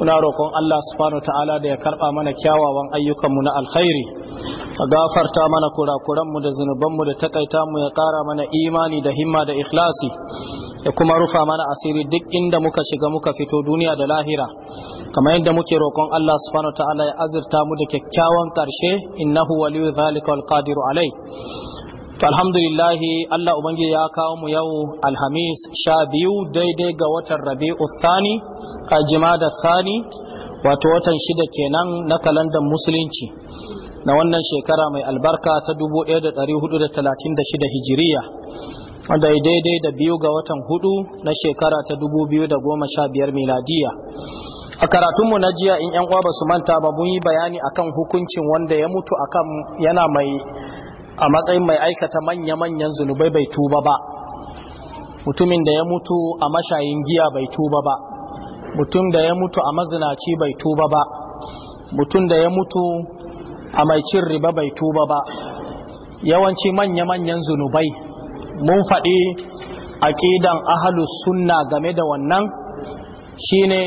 muna roƙon Allah subhanahu ta'ala da ya karɓa mana kyawawan ayyukanmu na alkhairi ka gafarta mana kurakuranmu da zunubanmu da takaita mu ya ƙara mana imani da himma da ikhlasi ya kuma rufa mana asiri duk inda muka shiga muka fito duniya da lahira kamar yadda muke roƙon Allah subhanahu ta'ala ya azurta mu da kyakkyawan ƙarshe innahu waliyu zalika wal alai to alhamdulillahi Allah ubangi ya kawo mu yau alhamis sha biyu daidai ga watan rabi'u thani a jimada thani wato watan shida kenan na kalandar musulunci na wannan shekara mai albarka ta 1436 hijiriya wanda daidai da biyu ga watan hudu na shekara ta 2015 miladiya a karatunmu na jiya in yan uwa ba su manta ba mun yi bayani akan hukuncin wanda ya mutu akan yana mai a matsayin mai aikata manya-manyan zunubai bai tuba ba mutumin da ya mutu a mashayin giya bai tuba ba mutum da ya mutu a mazinaci bai tuba ba mutum da ya mutu a mai cin riba bai tuba ba yawanci manya-manyan zunubai mun faɗi aƙidan ahalus sunna game da wannan shine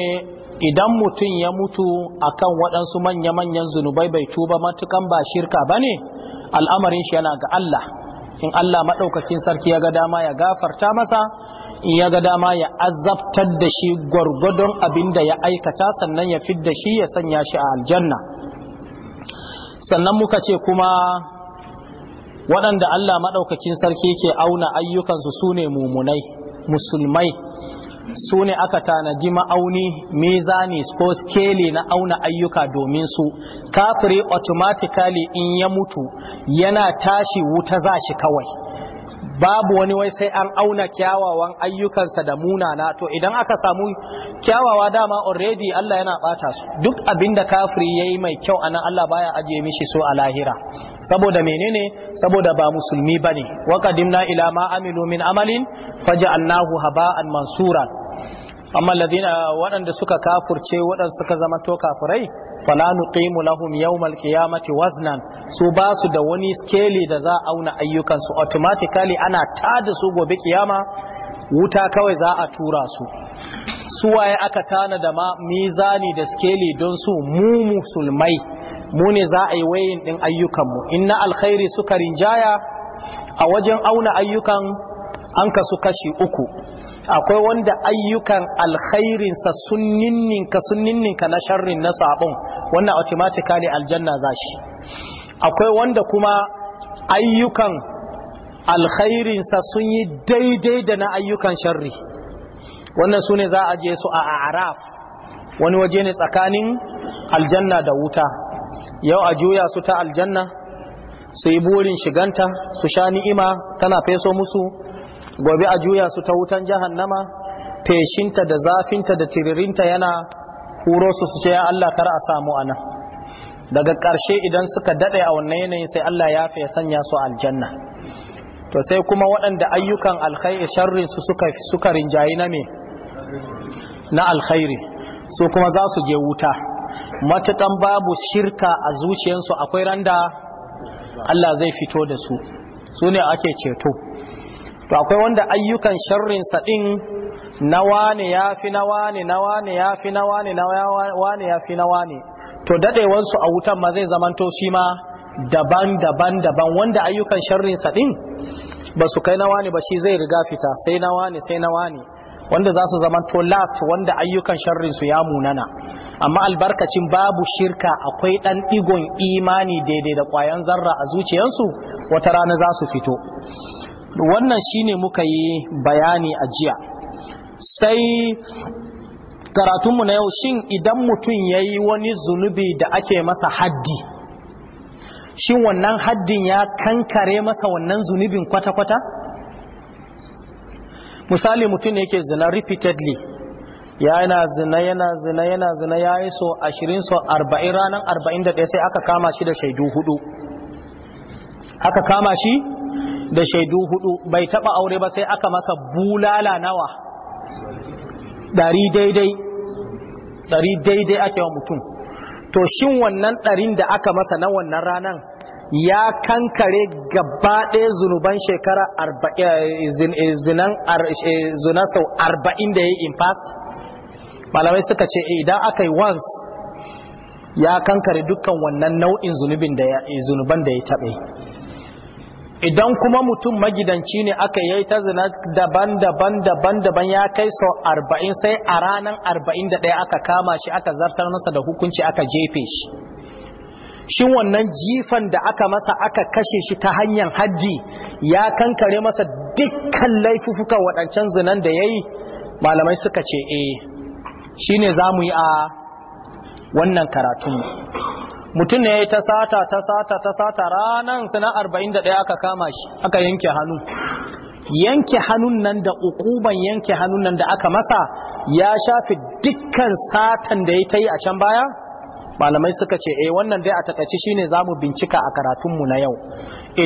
idan mutum ya mutu akan waɗansu manya-manyan zunubai bai tuba matukan ba shirka ba ne al'amarin shi yana ga Allah in Allah maɗaukakin sarki ya ga dama ya gafarta masa in ya ga dama ya azabtar da shi gwargwadon abin da ya aikata sannan ya da shi ya sanya shi a aljanna sannan muka ce kuma waɗanda Allah maɗaukakin sarki ke auna ayyukansu su ne mumunai musulmai su ne aka tanadi ma'auni mizani ko skeli na auna ayyuka domin su kafiri automatically in ya mutu yana tashi wuta za shi kawai babu wani wai sai an auna kyawawan ayyukansa da muna na to idan aka samu kyawawa dama already Allah yana bata su duk abinda kafiri yayi mai kyau anan Allah baya ajiye mishi so a lahira saboda menene saboda ba musulmi bane wa qadimna ila ma amilu min amalin faj'alnahu haba'an mansura amma ladina waɗanda suka kafurce waɗanda suka zama to kafurai. fala nuqimu lahum yawmal qiyamati waznan su ba su da wani skeli da za auna ayyukan su automatically ana tada su gobe kiyama wuta kawai za a tura su su waye aka tana da ma mizani da skeli don su mu musulmai mu ne za a yi wayin din ayyukan mu inna alkhairi suka rinjaya a wajen auna ayyukan an kasu kashi uku akwai wanda ayyukan alkhairinsa sun ninninka sun ninninka na sharrin na sabon wannan automatically aljanna za shi akwai wanda kuma ayyukan alkhairinsa sun yi daidai da na ayyukan sharri wannan su ne za a je su a araf wani waje ne tsakanin aljanna da wuta yau a juya su ta aljanna su yi burin shiganta su sha ni'ima tana feso musu gobe a juya su ta wutan jahannama feshinta da zafinta da tiririnta yana huro su su ce ya Allah kar a samu ana daga ƙarshe idan suka daɗe a wannan yanayin sai Allah ya fi sanya su aljanna to sai kuma waɗanda ayyukan alkhairi sharrin su suka rinjayi na me na alkhairi su kuma za su je wuta matukan babu shirka a zuciyarsu akwai randa Allah zai fito da su su ne ake ceto to akwai wanda ayyukan sharrin sa din na wane ya fi na wane na wane ya fi na wane na wane ya fi na wane to wansu a wutan ma zai zamanto shi ma daban daban daban wanda ayyukan sharrin sa din ba su kai na wane ba shi zai riga fita sai na wane sai na wane wanda za su zamanto last wanda ayyukan sharrin su ya munana amma albarkacin babu shirka akwai dan digon imani daidai da kwayan zarra a zuciyarsu wata rana za su fito wannan shine muka yi bayani a jiya sai karatunmu na yau shin idan mutum ya yi wani zunubi da ake masa haddi shin wannan haddin ya kankare masa wannan zunubin kwata-kwata misali mutum ne yake zina repeatedly yana zina yana zina yana zina ya yi so ashirin so arba'in ranar arba'in sai aka kama shi da shaidu hudu aka kama shi da shaidu hudu bai taba aure ba sai aka masa bulala nawa dari daidai dari daidai ake wa mutum to shin wannan ɗarin da aka masa na wannan ranan ya kankare gaba ɗaya zunuban shekara eh, eh, eh, zunan sau arba'in da ya yi in past malamai suka ce idan aka yi once ya kankare dukkan wannan nau'in zunuban da ya taɓe idan kuma mutum magidanci ne aka yi ta zina daban-daban daban-daban ya kai sau arba'in sai a ranar arba'in da ɗaya aka kama shi aka zartar masa da hukunci aka jefe shi shin wannan jifan da aka masa aka kashe shi ta hanyar hajji ya kankare masa dukkan laifufukan waɗancan zinan da ya yi malamai suka ce e shi ne za mu yi a wannan karatunmu mutum ne ta sata ta sata ta sata ranan da 41 aka kama shi aka yanke hannu yanke hannun nan da ukuban yanke hannun nan da aka masa ya shafi dukkan satan da ya ta yi a can baya malamai suka ce eh wannan dai a takaici shine zamu bincika a karatunmu na yau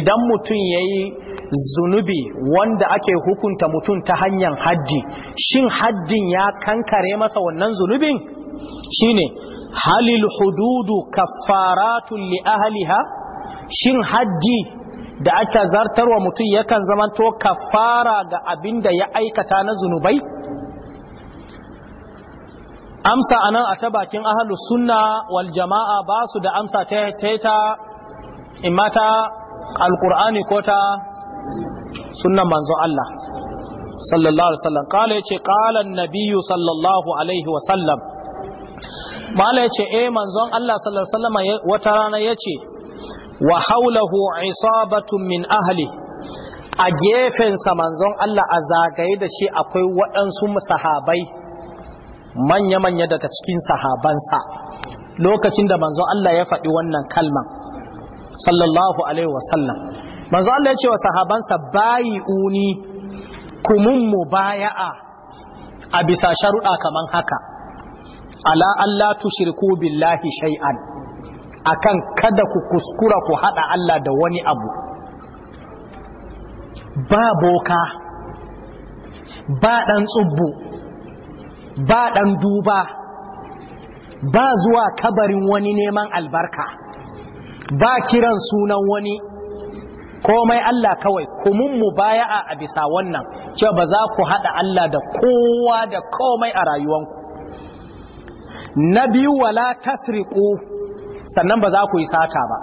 idan mutum yayi zunubi wanda ake hukunta mutum ta hanyar haddi shin haddin ya kankare masa wannan zunubin shine halil hududu kaffaratun li ahliha shin haji da aka zartarwa mutum yakan zamanto kaffara ga abinda ya aikata na zunubai amsa anan a ta bakin ahlus sunna wal jama'a ba su da amsa ta ta imata alqur'ani ko ta sunnan manzon Allah sallallahu alaihi wasallam qala yace qala an-nabiyyu sallallahu alaihi wasallam mala yace eh manzon Allah sallallahu alaihi wata rana yace wa haulahu isabatun min ahli a gefensa manzon Allah a zagaye da shi akwai waɗansu sahabai manya-manya daga cikin sahabansa lokacin da manzon Allah ya faɗi wannan kalman sallallahu alaihi wasallam manzon Allah ya ce wa sahabansa bayi uni kumun mubaya'a a bisa sharuɗa kaman haka ala Allah tushriku billahi shay'an akan kada ku kuskura ku hada Allah da wani abu ba boka ba dan tsubbu ba dan duba ba zuwa kabarin wani neman albarka ba kiran sunan wani komai Allah kawai kumun mu baya a bisa wannan cewa ba za ku hada Allah da kowa da komai a rayuwanku na biyu wala tasriqu sannan ba za ku yi sata ba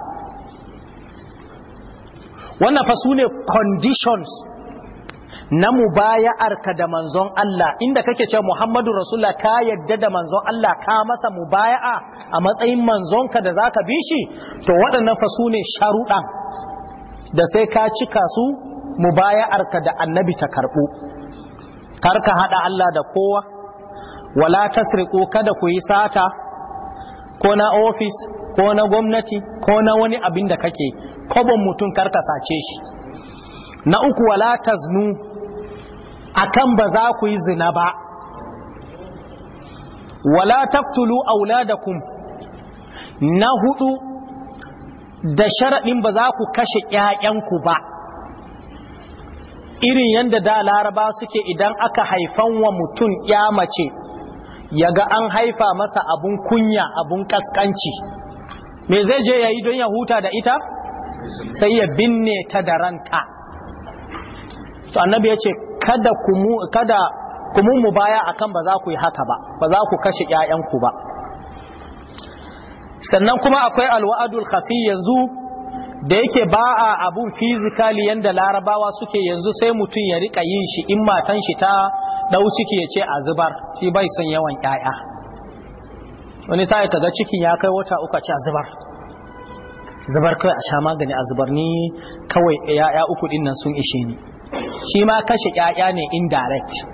wannan fa ne conditions na mubaya'arka da manzon Allah inda kake ce Muhammadu Rasulullah ka yadda da manzon Allah ka masa mubaya'a a matsayin manzonka da zaka bi shi to waɗannan fa ne sharuɗan da sai ka cika su mubaya'arka da annabi ta Kar karka haɗa Allah da kowa wala tasriqu kada ku yi sata ko na ofis ko na gwamnati ko na wani abin da kake kobon mutum karka sace shi na uku wala taznu akan ba za ku yi zina ba wala taqtulu auladakum na hudu da sharaɗin ba za ku kashe ‘ya'yanku ba irin yadda da laraba suke idan aka haifan wa mutum ‘ya mace ya ga an haifa masa abun kunya abun kaskanci me zai je ya yi don ya huta da ita sai ya binne ta da ranta to annabi ya ce kada kumu kada baya akan ba za ku yi haka ba ba za ku kashe ƴaƴanku ba sannan kuma akwai alwa'adul khafi yanzu da yake ba a abun fizikali yadda larabawa suke yanzu sai mutum ya rika yin shi in matan shi ta dau ciki ya ce a zubar shi bai son yawan ƴaƴa wani sai ga cikin ya kai wata uku ce a zubar zubar kai a sha magani a zubar ni kawai ƴaƴa uku din sun ishe ni shi ma kashe ƴaƴa ne indirect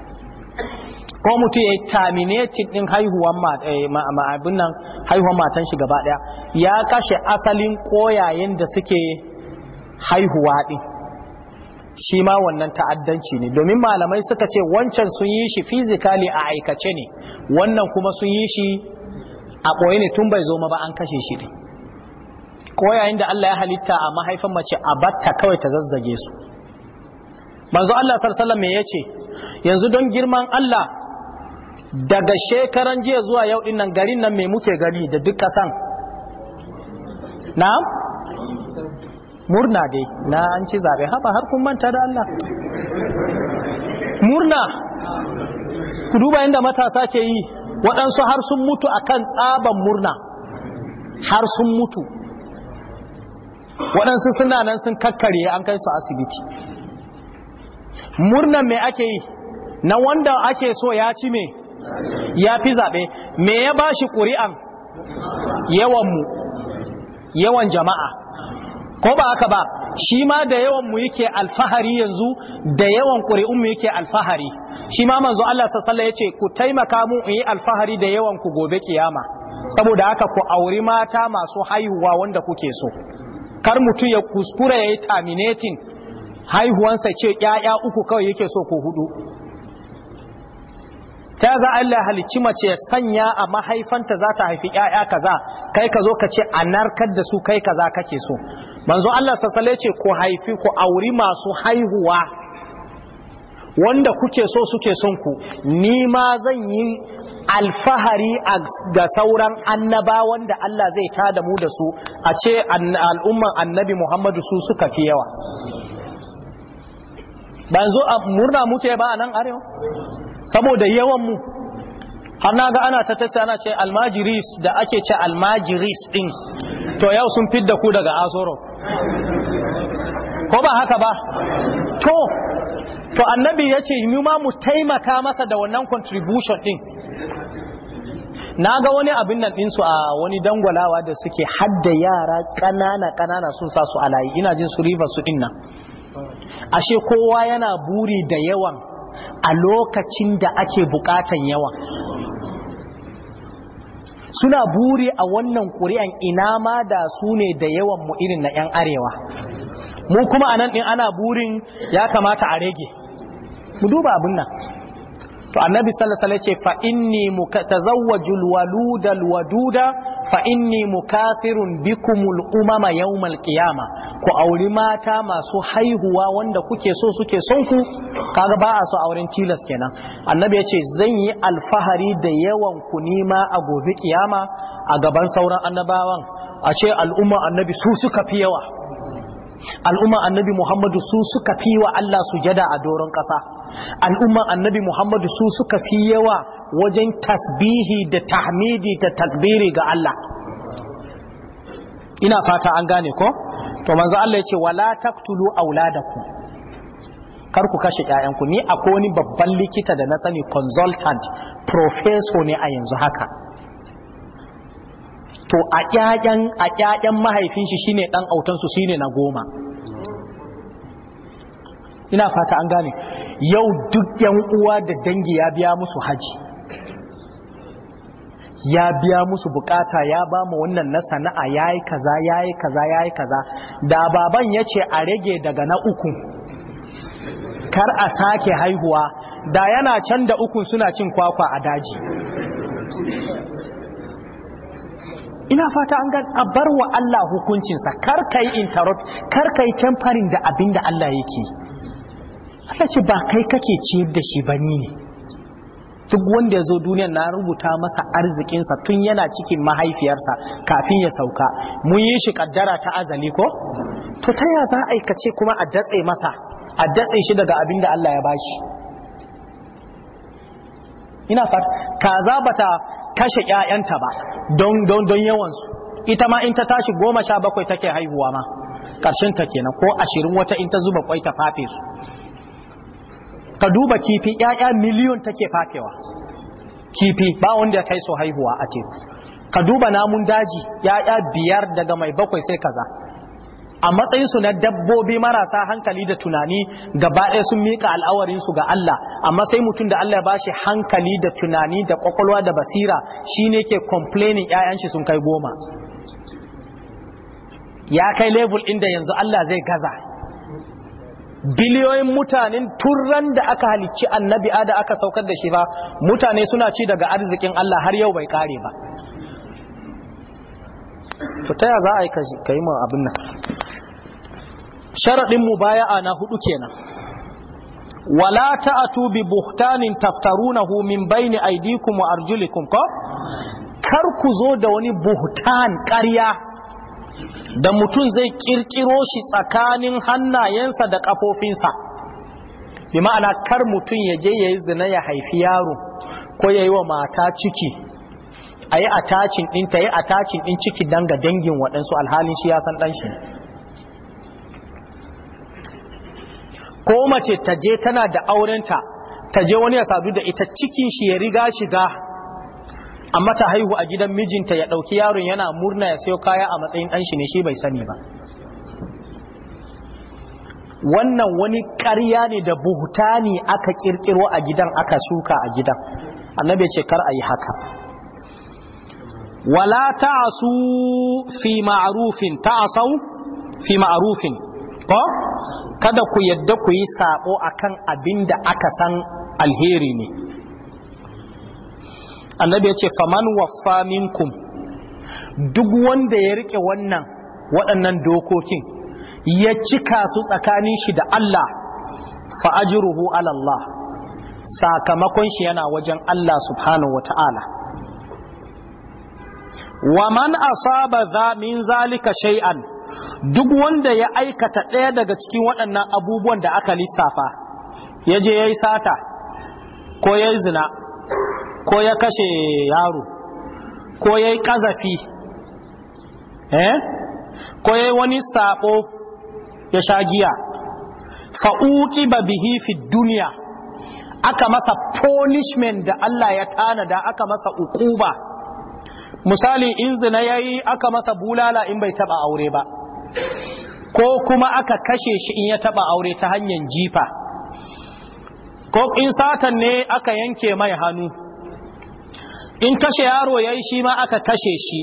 ko mutum ya terminating din haihuwan eh, abin nan haihuwan matan shi gaba daya ya kashe asalin koyayen da suke haihuwa din shi ma wannan ta'addanci ne domin malamai suka ce wancan sun yi shi fizikali a aikace ne wannan kuma sun yi shi a ɓoye ne tun bai zo ma ba an kashe shi ne Koyayen da Allah ya halitta a mahaifan mace a batta kawai ta zazzage su manzo Allah sallallahu alaihi wasallam me yace yanzu don girman Allah daga shekaran jiya zuwa yau dinnan garin nan mai muke gari da duk kasan na'am murna dai na an ci zabe haba har kun manta da Allah murna ku duba inda matasa ke yi waɗansu har sun mutu akan tsaban murna har sun mutu waɗansu suna nan sun kakkare an kai su asibiti murnan mai ake yi na wanda ake so ya ci mai ya fi zaɓe me ya ba shi ƙuri'an yawanmu yawan jama'a ko ba haka ba shi ma da yawanmu yake alfahari yanzu da yawan ƙuri'unmu yake alfahari shi ma manzo Allah sassalla ya ce ku taimaka mu in yi alfahari da yawan ku gobe kiyama saboda haka ku auri mata masu haihuwa wanda kuke so kar mutum ya kuskura ya yi terminating haihuwansa ce ‘ya'ya uku kawai yake so ko hudu ta za Allah halicci mace ya sanya a mahaifanta za ta haifi ‘ya'ya kaza kai ka zo ka ce a narkar da su kai kaza kake so manzo Allah sassale ce ku haifi ku auri masu haihuwa wanda kuke so suke son ku ni ma zan yi alfahari ga sauran annaba wanda Allah zai ta da mu da su a ce al'umman annabi Muhammadu su suka fi yawa Banzo zo a murna ya ba a nan arewa saboda yawanmu har na ga ana ta tace ana ce almajiris da ake ce almajiris din to yau sun fidda ku daga azoro ko ba haka ba to to annabi ya ce mu ma mu taimaka masa da wannan contribution din na ga wani abin nan ɗinsu a wani dangwalawa da suke hadda yara ƙanana ƙanana sun sa su alayi ina jin su river su ɗin nan ashe kowa yana buri da yawan a lokacin da ake bukatan yawan suna buri a wannan ƙuri'an ina ma da su ne da yawan mu irin na 'yan arewa mu kuma a nan ɗin ana burin ya kamata a rage mu duba abin nan to annabi sallallahu alaihi wasallam ce fa inni mukatazawwajul waluda alwaduda fa inni mukafirun bikumul umama yawmal qiyama ku auri mata masu haihuwa wanda kuke so suke son ku kaga ba a so auren tilas kenan annabi ya ce zan yi alfahari da yawan ku nima a gobe kiyama a gaban sauran annabawan a ce al'umma annabi su suka fi yawa al'umma annabi muhammadu su suka fi wa Allah su jada a doron ƙasa al'umma annabi muhammadu su suka fi yawa wajen tasbihi da tahmidi da takbiri ga Allah ina fata an gane ko to manzo Allah ya ce wala taqtulu auladakum kar ku kashe ƴaƴanku ni akwai wani babban likita da na sani consultant professor ne a yanzu haka to a ƙyaƙen a ƙyaƙen mahaifin shi shine ɗan autan su shine na goma ina fata an gane yau duk yan uwa da dangi ya biya musu haji ya biya musu bukata ya ba mu wannan na sana'a yayi kaza yayi kaza yayi kaza da baban yace a rage daga na uku kar a sake haihuwa da yana can da uku suna cin kwakwa a daji ina fata an gan a bar wa Allah hukuncinsa kar ka yi interrupt kar ka yi da abin da Allah yake Allah ce ba kai kake ciyar da shi ba ne duk wanda ya zo duniya na rubuta masa arzikinsa tun yana cikin mahaifiyarsa kafin ya sauka mun yi shi kaddara ta azali ko to ta ya za a aikace kuma a datse masa a datse shi daga abinda Allah ya bashi ina fata kaza bata kashe ƴaƴanta ba don don don yawan ita ma in ta tashi goma sha bakwai take haihuwa ma karshen ta kenan ko ashirin wata in ta zuba kwai ta fafe su ka duba kifi ƴaƴa miliyon take fafewa kifi ba wanda ya kai su haihuwa a teku ka duba namun daji ƴaƴa biyar daga mai bakwai sai kaza a matsayinsu na dabbobi marasa hankali da tunani gaba ɗaya sun miƙa al'awarinsu ga Allah amma sai mutum da Allah ya bashi hankali da tunani da kwakwalwa da basira shine ke complaining ƴaƴan shi sun kai goma ya kai level inda yanzu Allah zai gaza biliyoyin mutanen turran da aka halicci annabi da aka saukar da shi ba mutane suna ci daga arzikin Allah har yau bai kare ba to ta ya za a yi kai ma abin nan sharaɗin a na hudu kenan wala ta'atu bi buhtanin taftarunahu min baini aydikum wa arjulikum ko kar ku zo da wani buhtan ƙarya da mutum zai kirkiro shi tsakanin hannayensa da kafofinsa bi ma'ana kar mutum ya je yayi zina ya haifi yaro ko yayi wa mata ciki a yi attachin ɗin yi ɗin ciki danga dangin waɗansu alhalin shi ya san ɗan shi ko mace ta je tana da aurenta ta je wani ya sadu da ita cikin shi ya riga shiga a mata haihu a gidan mijinta ya ɗauki yaron yana murna ya sayo kaya a matsayin ɗan shi ne shi bai sani ba wannan wani ƙarya ne da buhutani aka ƙirƙiro a gidan aka shuka a gidan annabi ce kar a yi haka wala ta'asu fi ma'rufin ta'asau fi ma'rufin ko kada ku yadda ku yi sabo akan abin da aka san alheri ne annabi ya ce faman waffa minkum duk wanda ya rike wannan waɗannan dokokin ya cika su tsakanin shi da Allah fa ajruhu ala Allah sakamakon shi yana wajen Allah subhanahu wata'ala wa man asaba za min zalika shay'an duk wanda ya aikata ɗaya daga cikin waɗannan abubuwan da aka lissafa ya je ya yi sata ko ya yi zina ko ya kashe yaro ko ya yi ƙazafi eh? ko ya yi wani saɓo ya sha giya fa'uti ba bihi fi duniya aka masa punishment da Allah ya tanada aka masa ukuba misali in zina ya yi aka masa bulala in bai taɓa aure ba ko kuma aka kashe shi in ya taba aure ta hanyar jifa ko in satan ne aka yanke mai hannu in kashe yaro yayi shi ma aka kashe shi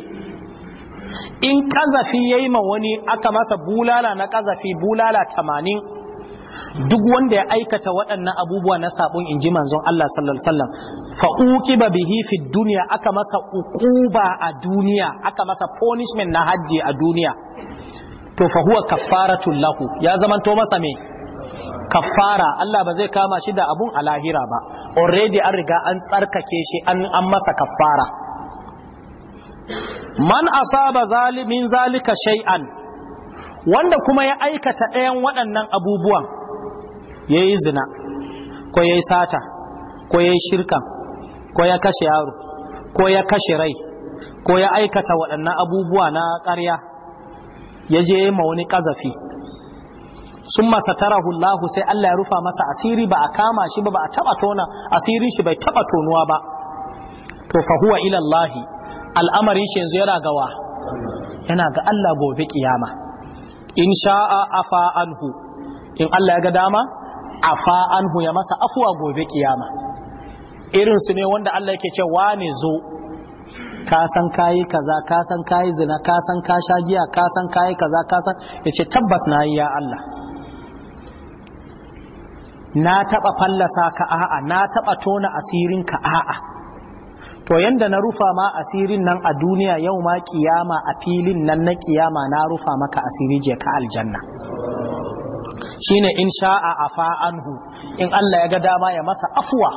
in kazafi yayi ma wani aka masa bulala na kazafi bulala tamanin. duk wanda ya aikata waɗannan abubuwa na sabon inji manzon Allah sallallahu alaihi wasallam fa bihi fi dunya aka masa uquba a duniya aka masa punishment na hajji a duniya to fa huwa kaffaratul lahu ya zamanto masa me kaffara Allah ba zai kama shi da abun Alahira ba already an riga an tsarkake shi an an masa kaffara man asaba zalimin zalika shay'an wanda kuma ya aikata ɗayan waɗannan abubuwan yayi zina ko yayi sata ko yayi shirka ko ya kashe yaro ko ya kashe rai ko ya aikata waɗannan abubuwa na ƙarya ya je ma wani kazafi sun masa Hullahu sai Allah ya rufa masa asiri ba a kama shi ba ba a taba tona asirin shi bai taba tonuwa ba to fahuwa huwa ila Allah al'amarin shi yanzu yana gawa yana ga Allah gobe kiyama in sha'a afa anhu in Allah ya ga dama afa anhu ya masa afuwa gobe kiyama irin su ne wanda Allah yake ce wane zo ka san kayi kaza ka san kayi zina ka san ka sha giya ka san kayi kaza ka san yace tabbas na yi ya Allah na taɓa fallasa ka a'a na taɓa tona asirin ka a'a to yanda na rufa ma asirin nan a duniya yau ma kiyama a filin nan na kiyama na rufa maka asiri je ka aljanna shine in sha'a afa anhu in Allah ya ga dama ya masa afwa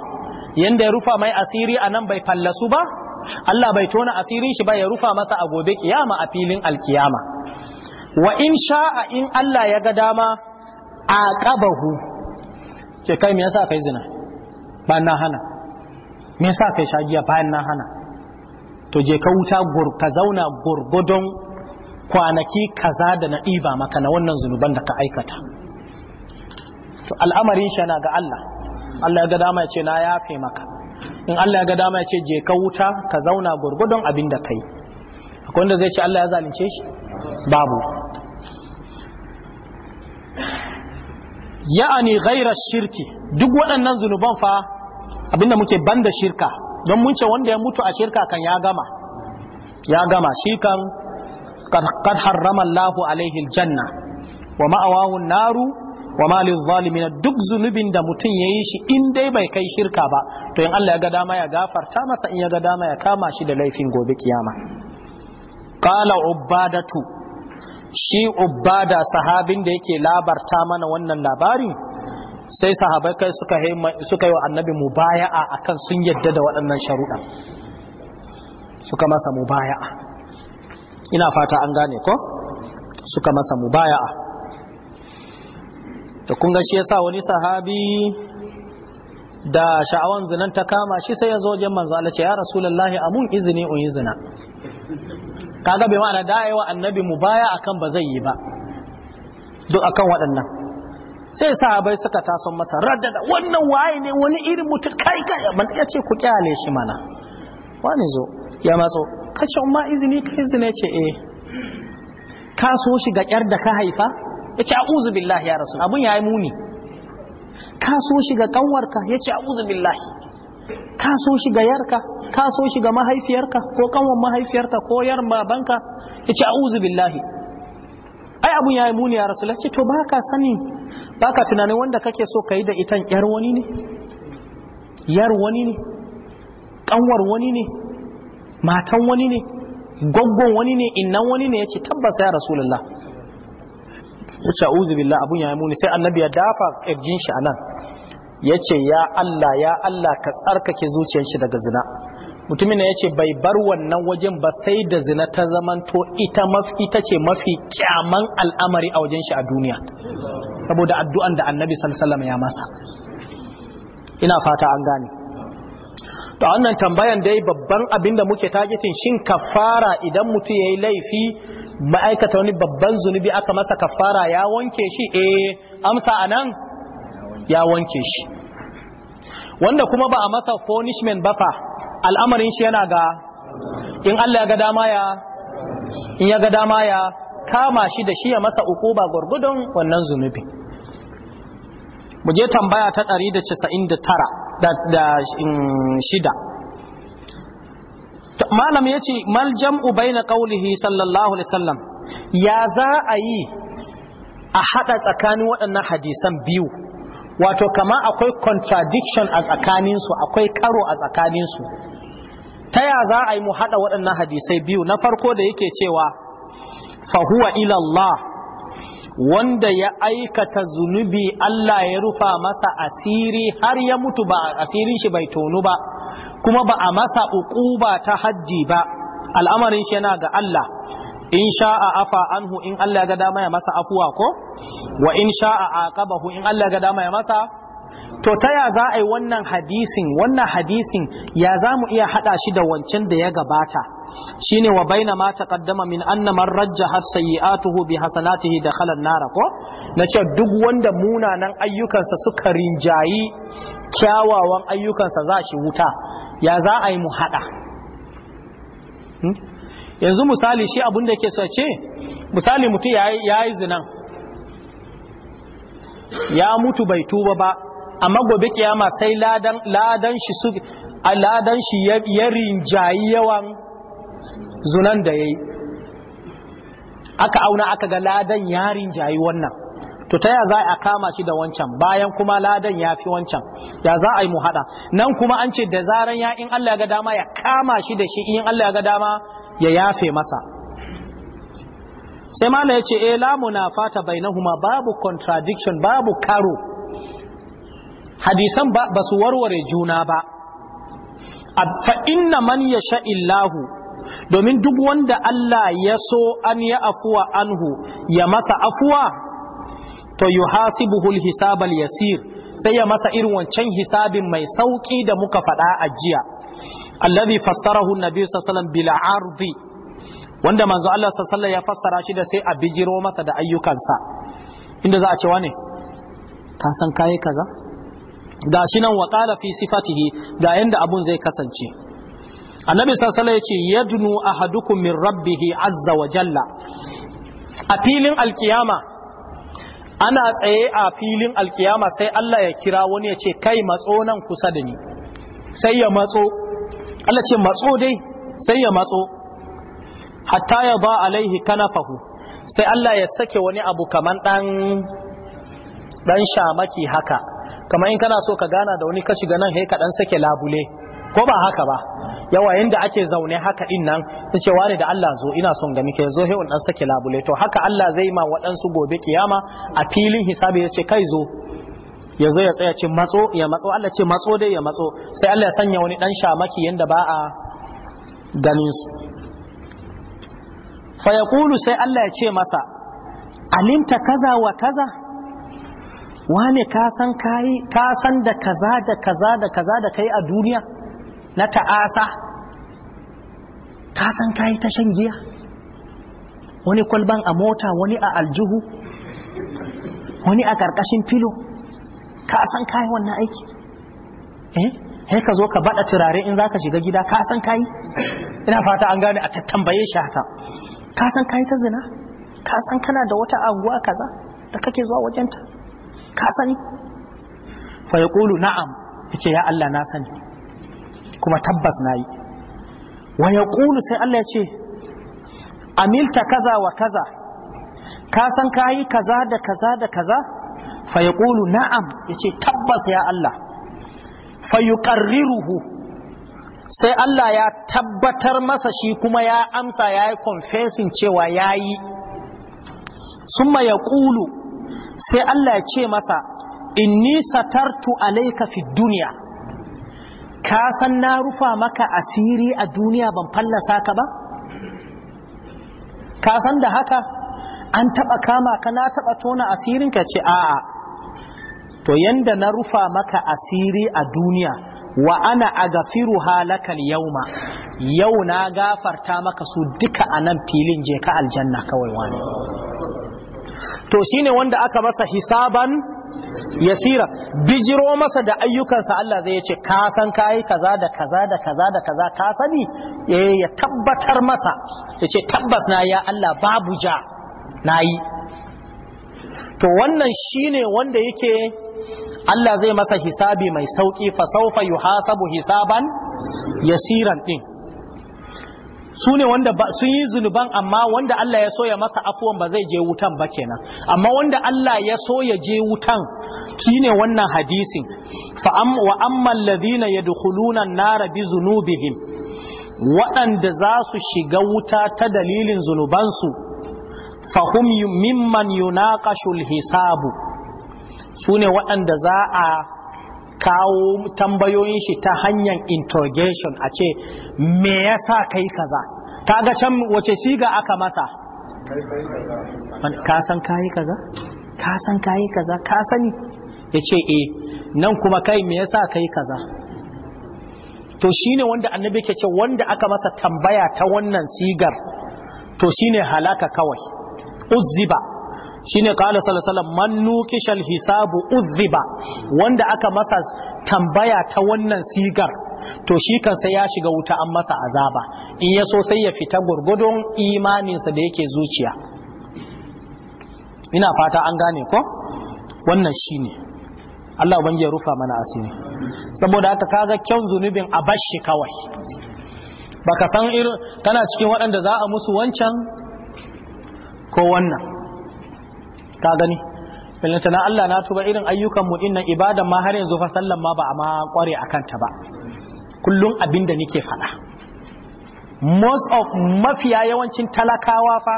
yanda ya rufa mai asiri a nan bai fallasu ba Allah bai tona asirin shi ba ya rufa masa a gobe kiyama a filin alkiyama wa in sha'a in Allah ya ga dama a kabahu. ke kai me yasa kai zina ba na hana me yasa kai shagiya bayan na hana to je ka wuta gur ka zauna gurgudon kwanaki kaza da na ɗiba maka na wannan zunuban da ka aikata to al'amarin shi na ga Allah Allah ya ga dama ya ce na yafe maka in Allah ya ga dama ya ce je ka wuta ka zauna gurgudun abin da kai akwai wanda zai ce Allah ya zalunce shi babu ya'ani ghairar shirki duk waɗannan zunuban fa abinda muke banda shirka don mun ce wanda ya mutu a shirka kan ya gama ya gama shi kan qad harrama Allahu alaihi aljanna wa ma'awahu naru wa malil zalimin duk zunubin da mutum yayi shi in dai bai kai shirka ba to in Allah ya ga dama ya gafarta masa in ya ga dama ya kama shi da laifin gobe kiyama qala ubadatu shi ubada sahabin da yake labarta mana wannan labarin sai sahabai kai suka yi suka yi wa annabi mubaya'a akan sun yadda da waɗannan sharuɗa suka masa mubaya'a ina fata an gane ko suka masa mubaya'a da kun shi yasa wani sahabi da sha'awan zinan ta kama shi sai ya zo wajen manzo Allah ce ya rasulullahi amun izini un yi kaga bai ma'ana dayewa annabi mu baya akan ba zai yi ba duk akan waɗannan sai sahabai suka taso masa raddada wannan waye ne wani irin mutum kai kai man ya ce ku kyale shi mana wani zo ya matso kace umma izini kai zina ce eh ka so shi ga kyar da ka haifa ya ce a'uzu billahi ya rasu abun ya yi muni ka so shi ga kanwarka ya ce a'uzu billahi ka so shi ga yarka ka so shi ga mahaifiyarka ko kanwar mahaifiyarka ko yar babanka ya ce a'uzu billahi ai abun ya yi muni ya rasu ce to baka sani baka tunanin wanda kake so ka yi da itan yar wani ne yar wani ne kanwar wani ne matan wani ne gwaggon wani ne innan wani ne ya ce tabbasa ya rasulullah yace auzu billahi abun ya muni sai annabi ya dafa kirjin shi anan yace ya Allah ya Allah ka tsarkake zuciyar shi daga zina mutumin ne yace bai bar wannan wajen ba sai da zina ta zamanto ita mafi ita ce mafi kyaman al'amari a wajen shi a duniya saboda addu'an da annabi sallallahu alaihi wasallam ya masa ina fata an gane to wannan tambayan dai babban abin da muke targetin shin kafara idan mutum yayi yi laifi ma'aikata wani babban zunubi aka masa kafara ya wanke shi eh amsa anan ya wanke shi wanda kuma ba a masa punishment ba fa al'amarin shi yana ga in Allah ya ga dama ya in ya ga dama ya kama shi da shi ya masa ukuba gurgudun wannan zunubi mu je tambaya ta 199 da shida malam ya ce maljam'u bai na ƙaunihi sallallahu alaihi sallam ya za a yi a haɗa tsakanin waɗannan hadisan biyu wato kama akwai contradiction a tsakaninsu akwai karo a tsakaninsu ta ya za a yi mu haɗa waɗannan hadisai biyu na farko da yake cewa fahuwa ilallah wanda ya aikata zunubi Allah ya rufa masa asiri har ya mutu ba asirin shi bai tonu ba kuma ba a masa uquba ta haddi ba al'amarin shi yana ga Allah in sha'a afa anhu in Allah ga dama ya masa afuwa ko wa in sha'a aqabahu in Allah ga dama ya masa to ta ya za a yi wannan hadisin wannan hadisin ya za mu iya hada shi da wancan da ya gabata shine wa baina ma taqaddama min anna man rajjaha sayyi'atuhu bi hasanatihi dakhala an-nar ko nace duk wanda munanan ayyukansa suka rinjayi kyawawan ayyukansa za shi wuta ya za a yi mu hada hmm? yanzu misali shi abun da yake so ce misali mutum ya yayi zinan ya mutu bai tuba ba amma gobe kiyama sai ladan ladan shi su ladan shi ya rinjayi yawan zunan da ya yi aka auna aka ga ladan yarin jayi wannan to ta ya za a kama shi da wancan bayan kuma ladan ya fi wancan ya za a yi mu haɗa nan kuma an ce da zaran ya in Allah ya ga dama ya kama shi da shi in Allah ya ga dama ya yafe masa sai mala ya ce e eh, lamu na fata bainahuma babu contradiction babu karo hadisan ba su warware juna ba fa inna man yasha illahu domin duk wanda Allah ya so an ya afuwa anhu ya masa afuwa to Yuhasibu hisabal yasir sai ya masa irin wancan hisabin mai sauki da muka faɗa a jiya allazi fassarahu nabi sallallahu alaihi wasallam bil wanda manzo Allah sallallahu ya fassara shi da sai a bijiro masa da ayyukansa inda za a ce wane ka san kai kaza shi nan wa qala fi sifatihi ga yanda abun zai kasance annabi sassala ya ce yadnu ahadukum min rabbihi azza wa jalla a filin alkiyama ana tsaye a filin alkiyama sai Allah ya kira wani ya ce kai matso nan kusa da ni sai ya matso Allah ce matso dai sai ya matso hatta ya ba alaihi kanafahu sai Allah ya sake wani abu kaman dan dan shamaki haka kamar in kana so ka gana da wani ka shiga nan he ka dan sake labule ko ba haka ba yawa yanda ake zaune haka din nan ta ce wani da Allah zo ina son ga mike zo hewan dan sake labule to haka Allah zai ma waɗansu gobe kiyama a filin hisabi ya ce kai zo ya zo ya tsaya ce matso ya matso Allah ce matso dai ya matso sai Allah ya sanya wani dan shamaki yanda ba a ganin su fa yaqulu sai Allah ya ce masa alimta kaza wa kaza wane ka san kai ka san da kaza da kaza da kaza da kai a duniya na ta'asa ka san kayi ta shan giya wani kwalban a mota wani a aljihu wani a ƙarƙashin filo ka san kayi wannan aiki eh sai ka zo ka bada turare in zaka shiga gida ka san kayi ina fata an gane a tattambaye shi haka ka san kayi ta zina ka san kana da wata anguwa kaza da kake zuwa wajenta ka sani fa yaqulu na'am yace ya Allah na sani kuma tabbas na yi wa ya sai Allah ya ce amilta kaza wa kaza ka san ka yi kaza da kaza da kaza fa ya na'am ya ce tabbas ya Allah fa yi sai Allah ya tabbatar masa shi kuma ya amsa ya yi confessing cewa ya yi summa ya ƙulu sai Allah ya ce masa inni satartu alaika fi duniya ka san na rufa maka asiri a duniya ban fallasa ka ba ka san da haka an taba kama ka na taba tona asirin ka ce a'a to yanda na rufa maka asiri a duniya wa ana agafiru halakal yauma yau na gafarta maka su duka a nan filin je ka aljanna kawai wani to shine wanda aka masa hisaban yasira bijiro masa da ayyukansa Allah zai yace ka san kai kaza da kaza da kaza da kaza ka sani eh ya tabbatar masa yace tabbas na ya Allah babu ja nayi to wannan shine wanda yake Allah zai masa hisabi mai sauki fa sawfa yuhasabu hisaban yasiran din su ne wanda sun yi zunuban amma wanda Allah ya so ya masa afuwan ba zai je wutan ba kenan amma wanda Allah ya so ya je wutan shine wannan hadisin fa am wa ammal ladina yadkhuluna an-nara bi zunubihim waɗanda za su shiga wuta ta dalilin zunubansu fahum mimman yunaqashul hisabu su ne waɗanda za a kawo tambayoyin shi ta hanyar interrogation a ce me yasa kai kaza ga can wace siga aka masa ka san kayi kaza ka san kayi kaza ka Ya ce e, nan kuma kai me yasa kai kaza to shine wanda annabi ke ce wanda aka masa tambaya ta wannan sigar to shine halaka kawai uzziba shine qala sallallahu alaihi wasallam man nuqishal hisabu uzziba wanda aka masa tambaya ta wannan sigar to shi kansa ya shiga wuta an masa azaba in ya so sai ya fita gurgudun imaninsa da yake zuciya ina fata an gane ko wannan shine Allah ya rufa mana asiri saboda haka kaga kyan zunubin a bashi kawai baka san irin tana cikin waɗanda za a musu wancan ko wannan ka gani filinta na Allah na tuba irin ayyukan mu dinnan ibadan ma har yanzu fa sallan ma ba a ma kware akan ta ba kullun abin da nake faɗa most of mafiya yawancin talakawa fa